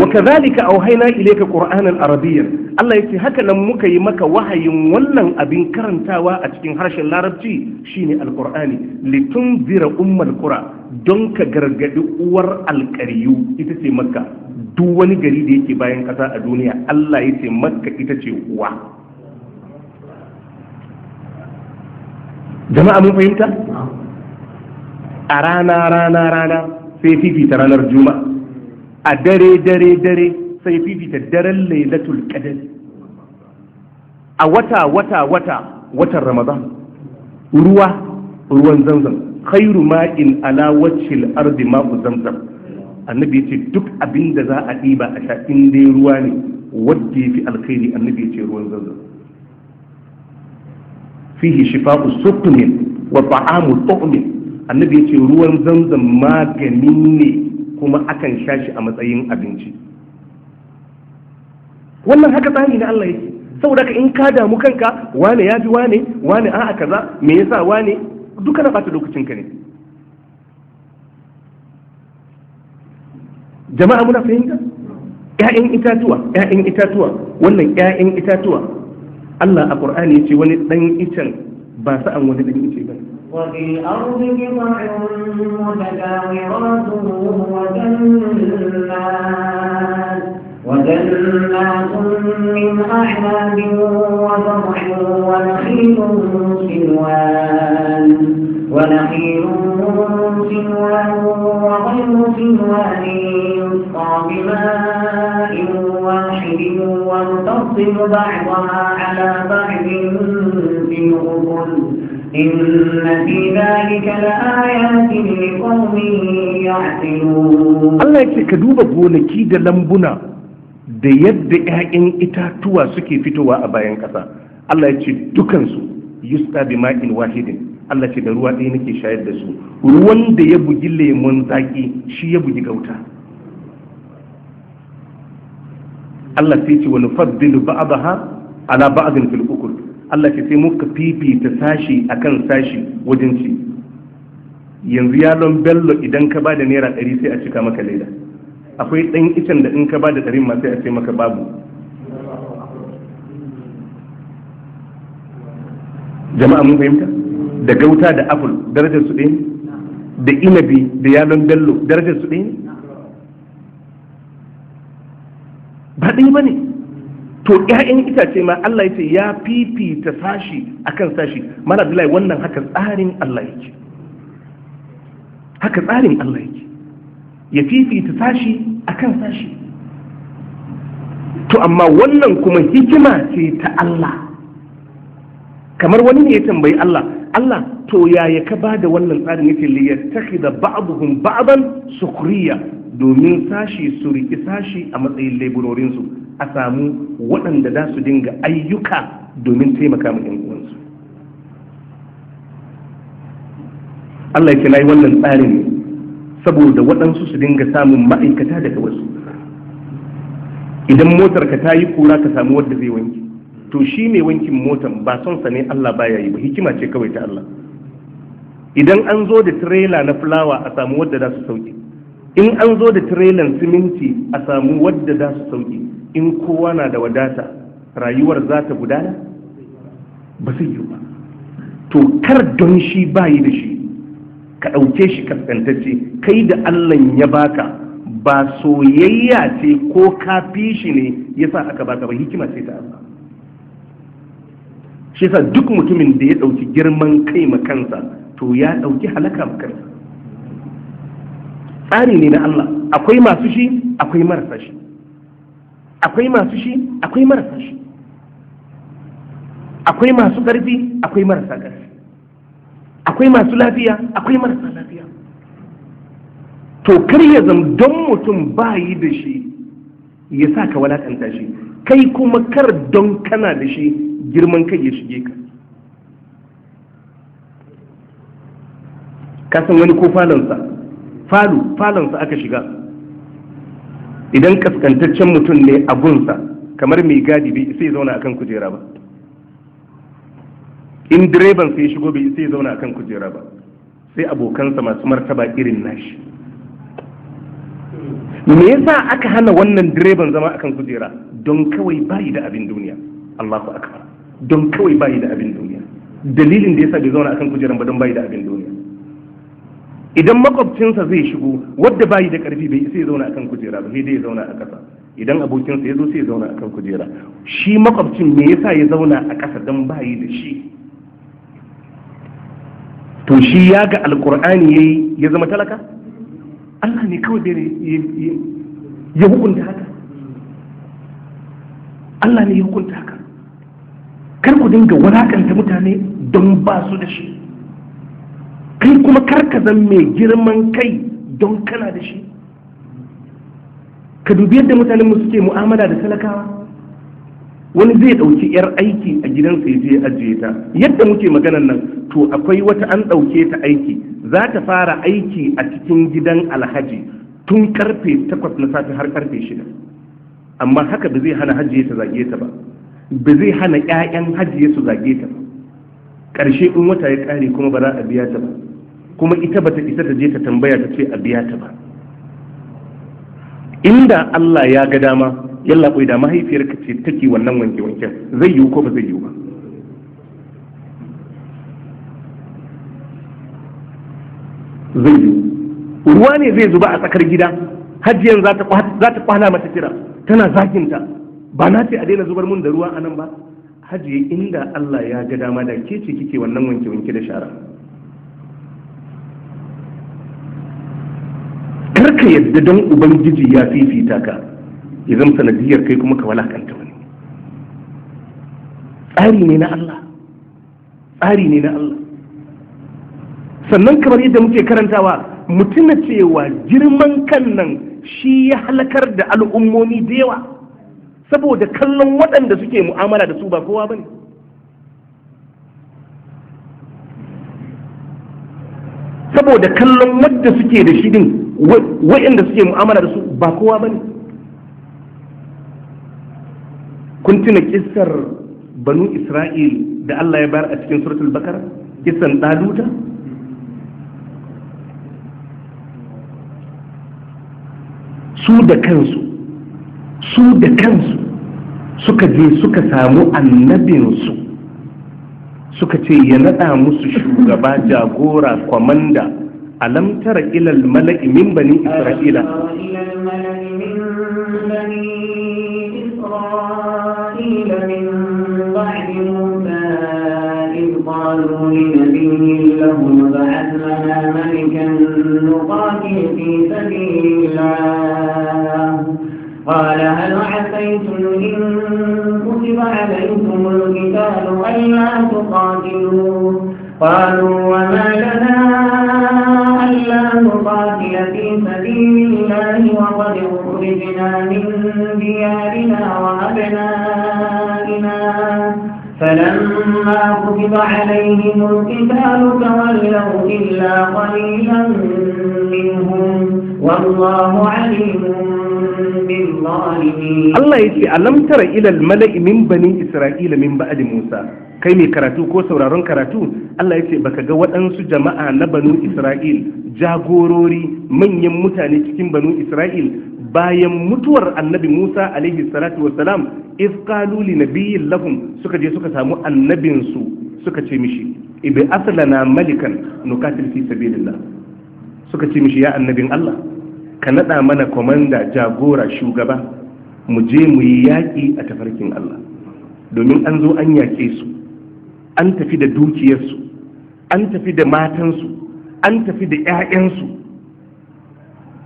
wa kadhalika auhayna ilayka qur'anan arabiyyan Allah yace haka nan muka yi maka wahayin wannan abin karantawa a cikin harshen larabci shine alqur'ani litunzira ummal qura don ka gargadi uwar alqariyu ita ce makka duk wani gari da yake bayan kasa a duniya Allah yace makka ita ce uwa jama'a mun fahimta a rana rana rana sai fifita ranar juma'a a dare dare dare sai fifita daren lailatul qadr a wata wata wata watan ramadan ruwa ruwan zamzam khairu ma'in ala wajhil ardi ma'u zamzam annabi yace duk abin da za a diba a sha in dai ruwa ne wadda yafi alkhairi annabi yace ruwan zamzam fihi shifa'u suqmin wa ta'amu tu'min annabi yace ruwan zamzam magani ne kuma akan sha shi a matsayin abinci wannan haka tsari na Allah yake saboda ka in ka damu kanka wane ya ji wane wane aka za me yasa wane duka na bata lokacin ka ne jama'a muna fahimta ƴaƴan itatuwa ƴaƴan itatuwa wannan ƴaƴan itatuwa Allah a Qur'ani ya ce wani dan icen ba sa'an wani dan ice وفي الأرض قطع متجاورات وجنات وجنات من أعناب وزرع ونخيل سلوان ونخيل سلوان وغير سلوان يسقى بماء واحد ونفصل بعضها على بعض في الغبن Allah ce ka duba gonaki da lambuna da yadda 'ya'yan itatuwa suke fitowa a bayan ƙasa. Allah ce dukansu yusta bi ma'in wahidin. Allah ce da ruwa ɗaya nake shayar da su. Ruwan da ya bugi lemon zaƙi shi ya bugi gauta. Allah sai ce wani faddilu ba'adaha ala ba'adin fil ukur. Allah ke sai muka fifita sashi akan sashi wajen ci yanzu don bello idan ka ba da naira ɗari sai a cika maka leda akwai ɗan icen da in ka ba da ɗari ma sai a ce maka babu jama'a mun fahimta da gauta da apple darajar su ɗaya da inabi da yalon bello darajar su ɗaya ba ɗaya ba ne to ƴaƴan itace ma Allah ya ce ya fifita sashi akan sashi mana bilai wannan haka tsarin Allah yake haka tsarin Allah yake ya fifita sashi akan sashi to amma wannan kuma hikima ce ta Allah kamar wani ne ya tambayi Allah Allah to yaya ka ba da wannan tsarin yake li yattakhidha ba'dhum ba'dan sukhriya domin sashi su riƙi sashi a matsayin leburorinsu a samu waɗanda za su dinga ayyuka domin taimaka ma 'yan uwansu Allah ya ce na yi wannan tsarin ne saboda waɗansu su dinga samun ma'aikata daga wasu idan motar ka ta yi kura ka samu wadda zai wanki to shi mai wankin motar ba son sa ne Allah baya yi ba hikima ce kawai ta Allah idan an zo da tirela na fulawa a samu wadda za su sauƙi, in an zo da tirelan siminti a samu wadda za su sauƙi. in kowa na da wadata rayuwar za ta gudana ba zai yi ba to kar don shi bayi da shi ka ɗauke shi kaskantacce kai da allan ya baka ba soyayya ce ko kafi shi ne sa aka baka ba hikima ce ta Allah shi sa duk mutumin da ya ɗauki girman kai makansa to ya ɗauki halaka makansa tsari ne na Allah akwai masu shi akwai marasa shi akwai masu shi akwai marasa shi akwai masu ƙarfi akwai marasa ƙarfi akwai masu lafiya akwai marasa lafiya to kar ya zam don mutum bayi da shi ya sa ka walakanta shi kai kuma kar don kana da shi girman kai ya shige ka kasan wani ko falonsa falo falonsa aka shiga idan kaskantaccen mutum ne a gunsa kamar mai gadi bai sai zauna akan kujera ba in direban sai shigo bai sai zauna akan kujera ba sai abokansa masu martaba irin nashi me yasa aka hana wannan direban zama akan kujera don kawai bayi da abin duniya Allahu akbar don kawai bayi da abin duniya dalilin da yasa bai zauna akan kujeran ba don bayi da abin duniya idan makwabcinsa zai shigo wadda bayi da karfi bai sai zauna akan kujera ba sai dai ya zauna a ƙasa idan abokinsa ya zo sai ya zauna akan kujera shi makwabcin me yasa ya zauna a ƙasa dan bayi da shi to shi ya ga alkur'ani yayi ya zama talaka Allah ne kawai da ya hukunta haka Allah ne ya hukunta haka kar ku dinga walakanta mutane don ba su da shi kai kuma karka zan mai girman kai don kana da shi ka dubi yadda mutanen mu suke mu'amala da talakawa wani zai ɗauki 'yar aiki a gidansa ya je ajiye ta yadda muke maganan nan to akwai wata an ɗauke ta aiki za ta fara aiki a cikin gidan alhaji tun karfe takwas na safe har karfe shida amma haka ba zai hana hajiye ta zage ta ba ba zai hana 'ya'yan hajiye su zage ta ba ƙarshe in wata ya ƙare kuma ba za a biya ta ba kuma ita bata isa ta je ta tambaya ta ce a biya ta ba inda Allah ya ga dama yalla koi da mahaifiyarka ce take wannan wanke wanken zai yiwu ko ba zai yiwu ba zai yiwu ruwa ne zai zuba a tsakar gida hajiyar za ta kwana mata kira tana zakinta ba na ce a daina zubar mun da ruwa a nan ba hajiye inda Allah ya ga dama da ke ce kike wannan wanke wanke da shara karka yadda don ubangiji ya fifita ka ya zama sanadiyar kai kuma ka walakanta wani tsari ne na Allah tsari ne na Allah sannan kamar yadda muke karantawa mutuna cewa girman kan nan shi ya halakar da al'ummomi da yawa saboda kallon waɗanda suke mu'amala da su ba kowa ba ne saboda kallon wadda suke da shi din wa'inda suke mu'amala da su ba kowa ba ne? kun tuna kisar banu isra'il da Allah ya bayar a cikin suratul Bakar, kisan daluta su da kansu su da kansu suka je suka samu annabinsu suka ce ya nada musu shugaba jagora kwamanda a tara ilal mala'i min bani isra'ila قالوا لنبي له ابعث لنا ملكا نقاتل في سبيل الله قال هل عسيتم إن كتب عليكم القتال ألا تقاتلوا قالوا وما لنا ألا نقاتل في سبيل الله وقد أخرجنا من ديارنا وأبنائنا فلما كتب عليهم القتال تولوا إلا قليلا منهم والله عليم allah ya ce ilal تر إلى min من Isra'ila, إسرائيل min بعد Musa, kai mai karatu ko sauraron karatu Allah ya ce baka ga waɗansu jama'a na banu Isra'il jagorori manyan mutane cikin banu Isra'il bayan mutuwar annabi Musa alaihi salatu wassalam iz qalu li nabiyyin lahum suka je suka samu annabin su suka ce mishi ibi aslana malikan nukatil fi sabilillah suka ce mishi ya annabin Allah ka naɗa mana kwamanda jagora shugaba mu je mu yi yaƙi a tafarkin Allah domin an zo an yaƙe su an tafi da dukiyarsu an tafi da matansu an tafi da 'ya'yansu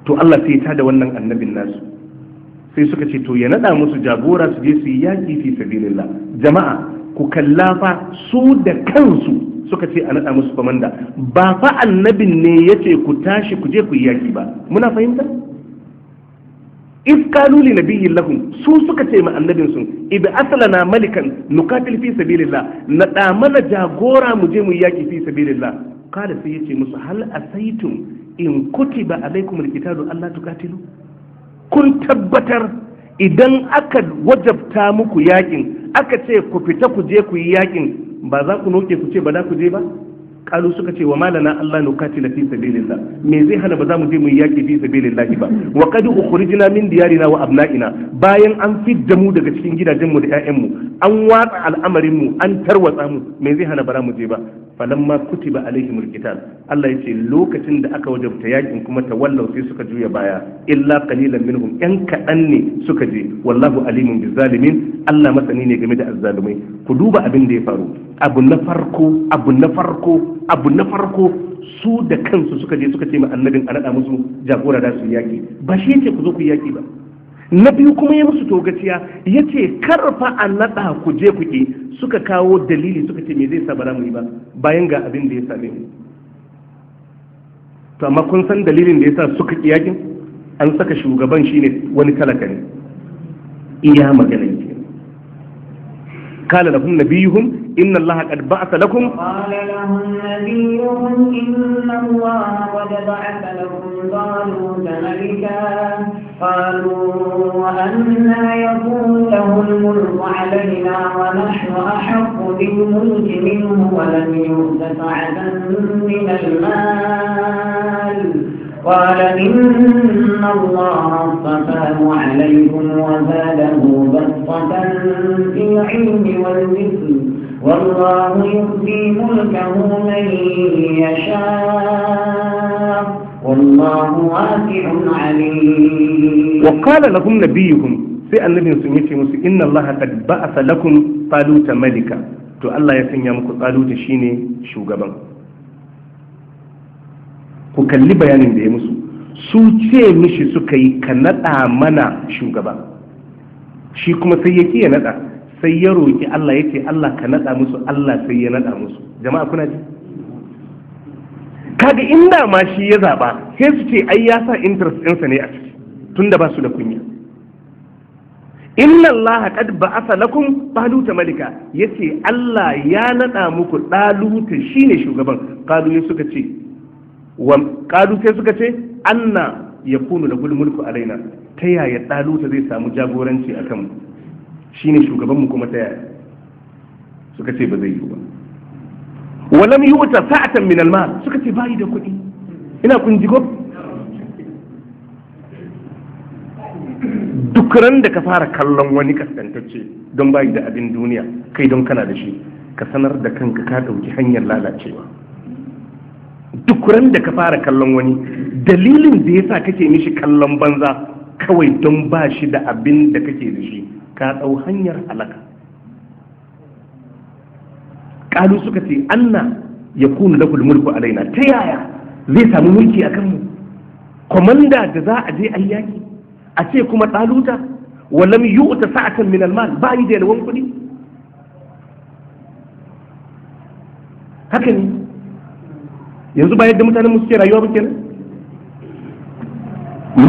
to Allah sai ta da wannan annabin nasu sai suka ce to ya naɗa musu jagora su je su yi yaƙi fi sabilillah jama'a ku kalla fa su da kansu suka ce a naɗa musu famanda. ba fa annabin ne ya ce ku tashi ku je ku yi ba muna fahimta kanu li nabiyyin lahum su suka ce ma annabin sun ibi asalana malikan nukatil fi sabilillah na da mana jagora mu je mu yaki fi sabilillah kada sai yace musu hal asaitum in kutiba alaikum alkitabu Allah tukatilu kun tabbatar idan aka wajabta muku yakin aka ce ku fita ku je ku yi yakin ba za ku noke ku ce ba za ku je ba kalu suka ce wa malana Allah nukatila fi sabilillah me zai hana ba za mu je mu yi yaki fi sabilillah ba wa qad ukhrijna min diyarina wa abna'ina bayan an fidda mu daga cikin gidajen mu da ƴaƴan mu an watsa al'amarin mu an tarwatsa mu me zai hana ba za mu je ba falamma kutiba alaihim alqital Allah yace lokacin da aka wajabta yakin kuma ta sai suka juya baya illa qalilan minhum yan kadan ne suka je wallahu alimun bizalimin Allah masani ne game da azzalumai ku duba abin da ya faru abu na farko abu na farko abu na farko su da kansu suka je suka ce ma annabin a nada musu jagora da su yaki ba shi yace ku zo ku yaki ba na biyu kuma ya musu togaciya ya ce karfa a naɗa ku je ku suka kawo dalili suka ce me zai sa bara mu yi ba bayan ga abin da ya same mu to amma kun san dalilin da ya sa suka ƙi yakin an saka shugaban shine wani talaka ne iya magana ke kala لهم نبيهم إن الله قد بعث لكم قال لهم نبيهم إن الله قد بعث لكم ضالوت قالوا أنا يكون له الملك علينا ونحن أحق بالملك منه ولم يؤت سعدا من المال قال إن الله اصطفاه عليكم وزاده بسطة في العلم والذكر والله يؤتي ملكه من يشاء والله واسع عليم وقال لهم نبيهم sai annabin sun ce musu inna allaha ba ba'atha lakum taluta malika to Allah ya sanya muku taluta shine shugaban ku kalli bayanin da ya musu su ce mishi suka yi ka nada mana shugaba shi kuma sai yake ya nada sai ya roki Allah yace Allah ka nada musu Allah sai ya nada musu jama'a kuna ji kaga inda ma shi ya zaba sai su ce ai ya sa interest ɗinsa ne a ciki tunda ba su da kunya inna allaha qad ba'atha lakum taluta malika yace Allah ya nada muku taluta shine shugaban qalu ne suka ce wa qalu sai suka ce anna yakunu lahul mulku alaina ta yaya taluta zai samu jagoranci akan mu shine shugaban mu kuma ta yaya suka ce ba zai yi ba walam wuta sa'atan min almal suka ce bayi da kuɗi ina kun jigo duk ran da ka fara kallon wani kaskantacce don bayi da abin duniya kai don kana da shi ka sanar da kanka ka ɗauki hanyar lalacewa duk ran da ka fara kallon wani dalilin da yasa kake mishi kallon banza kawai don ba shi da abin da kake da shi ka ɗau hanyar halaka kalu suka ce anna yakunu lakul mulku alaina ta yaya zai samu mulki a kanmu komanda da za a je ayi yaki a ce kuma daluta walam yu'ta sa'atan min almal ba da yawan kuɗi haka ne yanzu ba yadda mutanen mu suke rayuwa ba kenan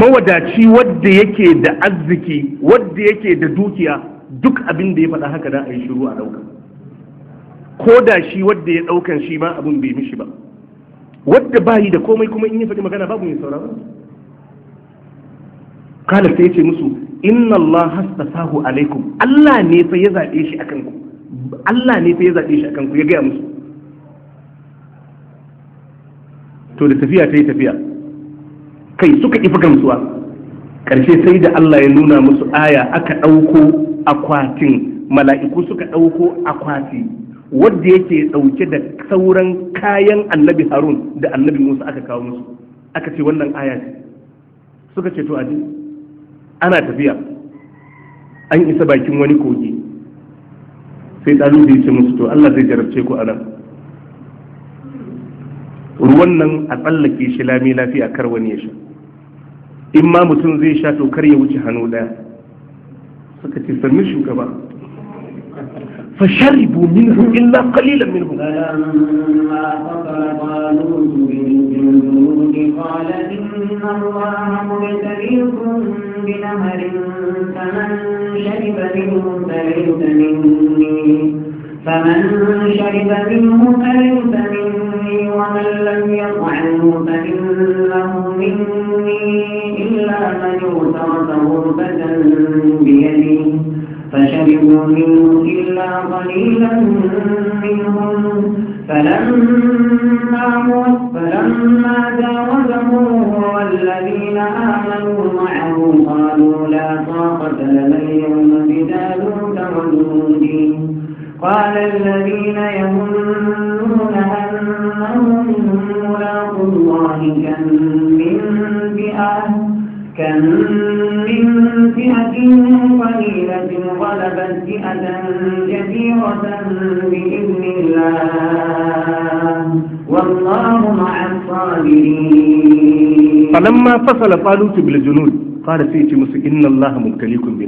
mawadaci wadda yake da arziki wadda yake da dukiya duk abin da ya faɗa haka da a yi shiru a ɗauka ko da shi wadda ya ɗaukan shi ma abin bai mishi ba wadda bayi da komai kuma in yi faɗi magana babu mai saurara kala sai ce musu inna Allah sahu alaikum Allah ne fa ya zaɓe shi akan ku Allah ne fa ya zaɓe shi akan ku ya gaya musu to da tafiya ta yi tafiya kai suka ifi gamsuwa ƙarshe sai da Allah ya nuna musu aya aka ɗauko akwatin mala'iku suka ɗauko akwati wadda yake ɗauke da sauran kayan annabi harun da annabi musa aka kawo musu aka ce wannan aya ce suka ce to aji ana tafiya an isa bakin wani kogi sai ɗalu da ce musu to allah zai jarabce ku a nan ruwan nan a tsallake shi lami lafiya kar wani ya sha in ma mutum zai sha to kar ya wuce hannu ɗaya suka ce sannu shugaba فشربوا منه إلا قليلا منه فلما فصل طالوت بالجنود قال إن الله مبتليكم بنهر فمن شرب منه فليس مني فمن شرب منه فليس مني ومن لم يطعمه فإنه مني إلا من اغترف غرفة بيده فشربوا منه إلا قليلا منهم فلما, فلما جاوزه هو والذين آمنوا معه قالوا لا طاقة لنا اليوم بجالوت وجنوده قال الذين يظنون أنهم ملاق الله كم من فئة كم من فئة قليلة غلبت فئة كثيرة بإذن الله والله مع الصابرين فلما فصل طالوت بالجنود قال سيتي musu inna allaha mubtalikum bi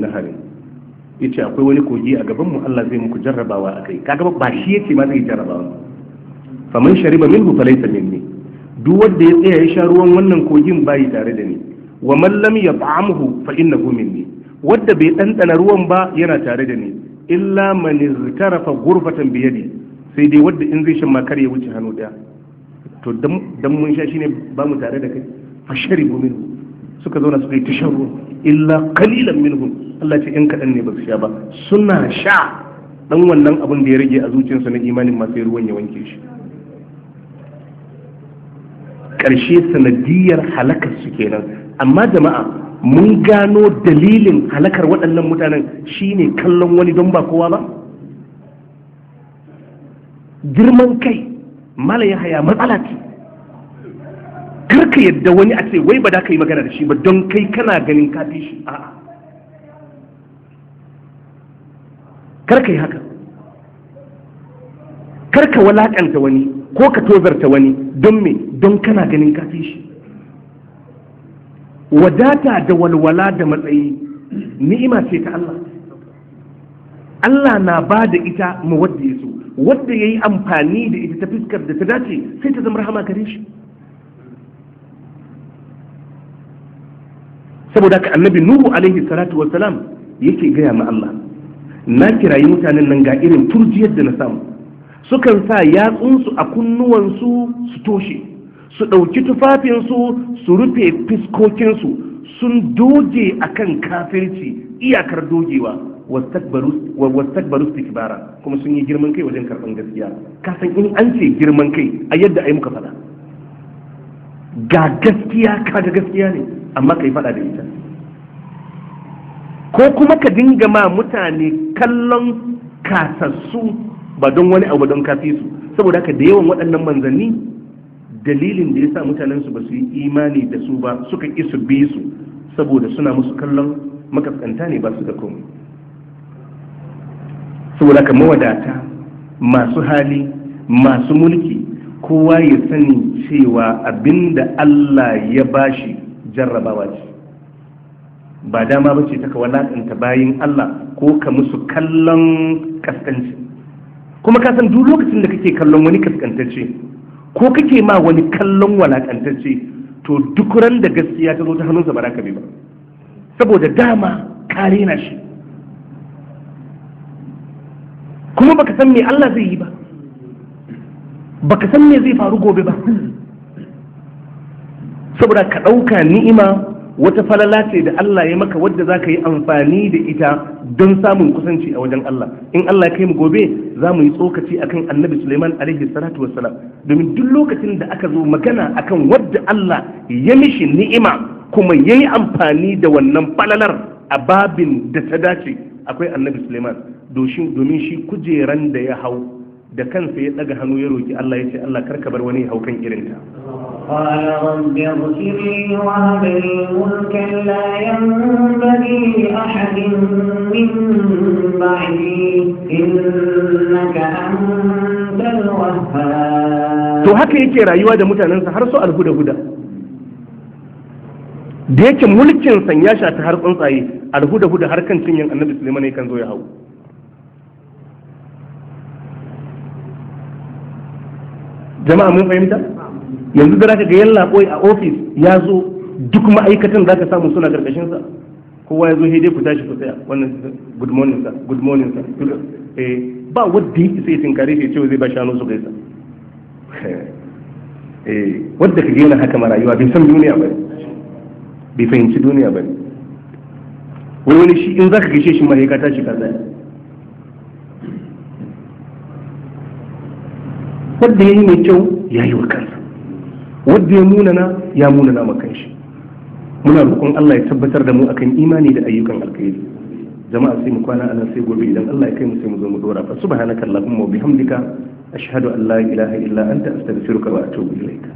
yace akwai wani kogi a gaban mu Allah zai muku jarrabawa akai kaga ba shi yace ma zai jarrabawa faman shariba minhu falaysa minni duk wanda ya tsaya ya sha ruwan wannan kogin bayi tare da ni wa man lam yat'amhu fa innahu minni wanda bai dandana ruwan ba yana tare da ni illa man iztarafa ghurfatan bi yadi sai dai wanda in zai shan makar ya wuce hannu daya to dan mun sha shine ba mu tare da kai fa sharibu minhu suka zauna suka yi ta illa qalilan minhum Allah ce in kaɗan ne ba su sha ba suna sha dan wannan abin da ya rage a zuciyarsa na imanin masu ruwan ya wanke shi ƙarshe sanadiyar halakar su kenan amma jama'a mun gano dalilin halakar waɗannan mutanen shine kallon wani don ba kowa ba girman kai mala ya haya matsala ce karka yadda wani a ce wai ba da ka yi magana da shi ba don kai kana ganin kafi shi a'a karka yi haka karka walakanta wani ko ka tozarta wani don me don kana ganin kafi shi wadata da walwala da matsayi ni'ima ce ta Allah Allah na ba da ita mu wadda ya so wadda ya yi amfani da ita ta fuskar da ta dace sai ta zama rahama gare shi saboda ka annabi nuhu alaihi salatu wassalam yake gaya ma Allah na kirayi mutanen nan ga irin turjiyar da na samu sukan sa yatsunsu a kunnuwansu su toshe su ɗauki tufafinsu su rufe fiskokinsu sun doge kan kafirci iyakar dogewa wastakbaru bara kuma sun yi girman kai wajen karɓar gaskiya kasan in an ce girman kai a yadda ai muka faɗa ga gaskiya kaga gaskiya ne amma ka yi faɗa da ita ko kuma ka dinga ma mutane kallon kasassu ba don wani abu don kafi su saboda haka da yawan waɗannan manzanni dalilin da ya sa mutanensu ba su yi imani da su ba suka ƙi su bi su saboda suna musu kallon makaskanta ne ba su da komai saboda ka mawadata masu hali masu mulki kowa ya sani cewa abinda Allah ya bashi jarrabawa ce ba dama ba ce ta ka walakanta bayin Allah ko ka musu kallon kaskanci kuma ka san duk lokacin da kake kallon wani kaskantacce ko kake ma wani kallon walakantacce to duk ran da gaskiya ta zo ta hannunsa ba ka bi ba saboda dama kare na shi kuma baka san me Allah zai yi ba baka san me zai faru gobe ba saboda ka ɗauka ni'ima wata falala ce da Allah ya maka wadda za ka yi amfani da ita don samun kusanci a wajen Allah in Allah ya kai mu gobe za mu yi tsokaci akan annabi Suleiman alaihi salatu wassalam domin duk lokacin da aka zo magana akan wadda Allah ya mishi ni'ima kuma ya yi amfani da wannan falalar a babin da ta dace akwai annabi Suleiman domin shi kujeran da ya hau da kansa ya daga hannu ya roki Allah ya ce Allah karka bar wani haukan irin ta to haka yake rayuwa da mutanensa har su alhuda guda. da yake mulkin san ya ta har tsuntsaye alhuda-huda har kan cinyan annabi Suleiman ne kan zo ya hau jama'a mun fahimta yanzu da zaka ga yalla koi a ofis ya zo duk ma'aikatan zaka samu suna karkashin sa kowa ya zo dai ku tashi ku tsaya wannan good morning sir good morning sir eh ba wadda yake sai tinkare shi ce zai ba shanu su gaisa eh wadda kaga yana haka marayuwa bai san duniya ba bai fahimci duniya ba wani shi in zaka gishe shi ma ya ka tashi ka tsaya Wadda ya yi mai kyau ya yi wa kansa wanda ya munana ya munana ma shi muna roƙon Allah ya tabbatar da mu akan imani da ayyukan alkhairi jama'a sai mu kwana ana sai gobe idan Allah ya kai mu sai mu zo mu dora fa subhanaka allahumma wa bihamdika ashhadu an la ilaha illa anta astaghfiruka wa atubu ilaik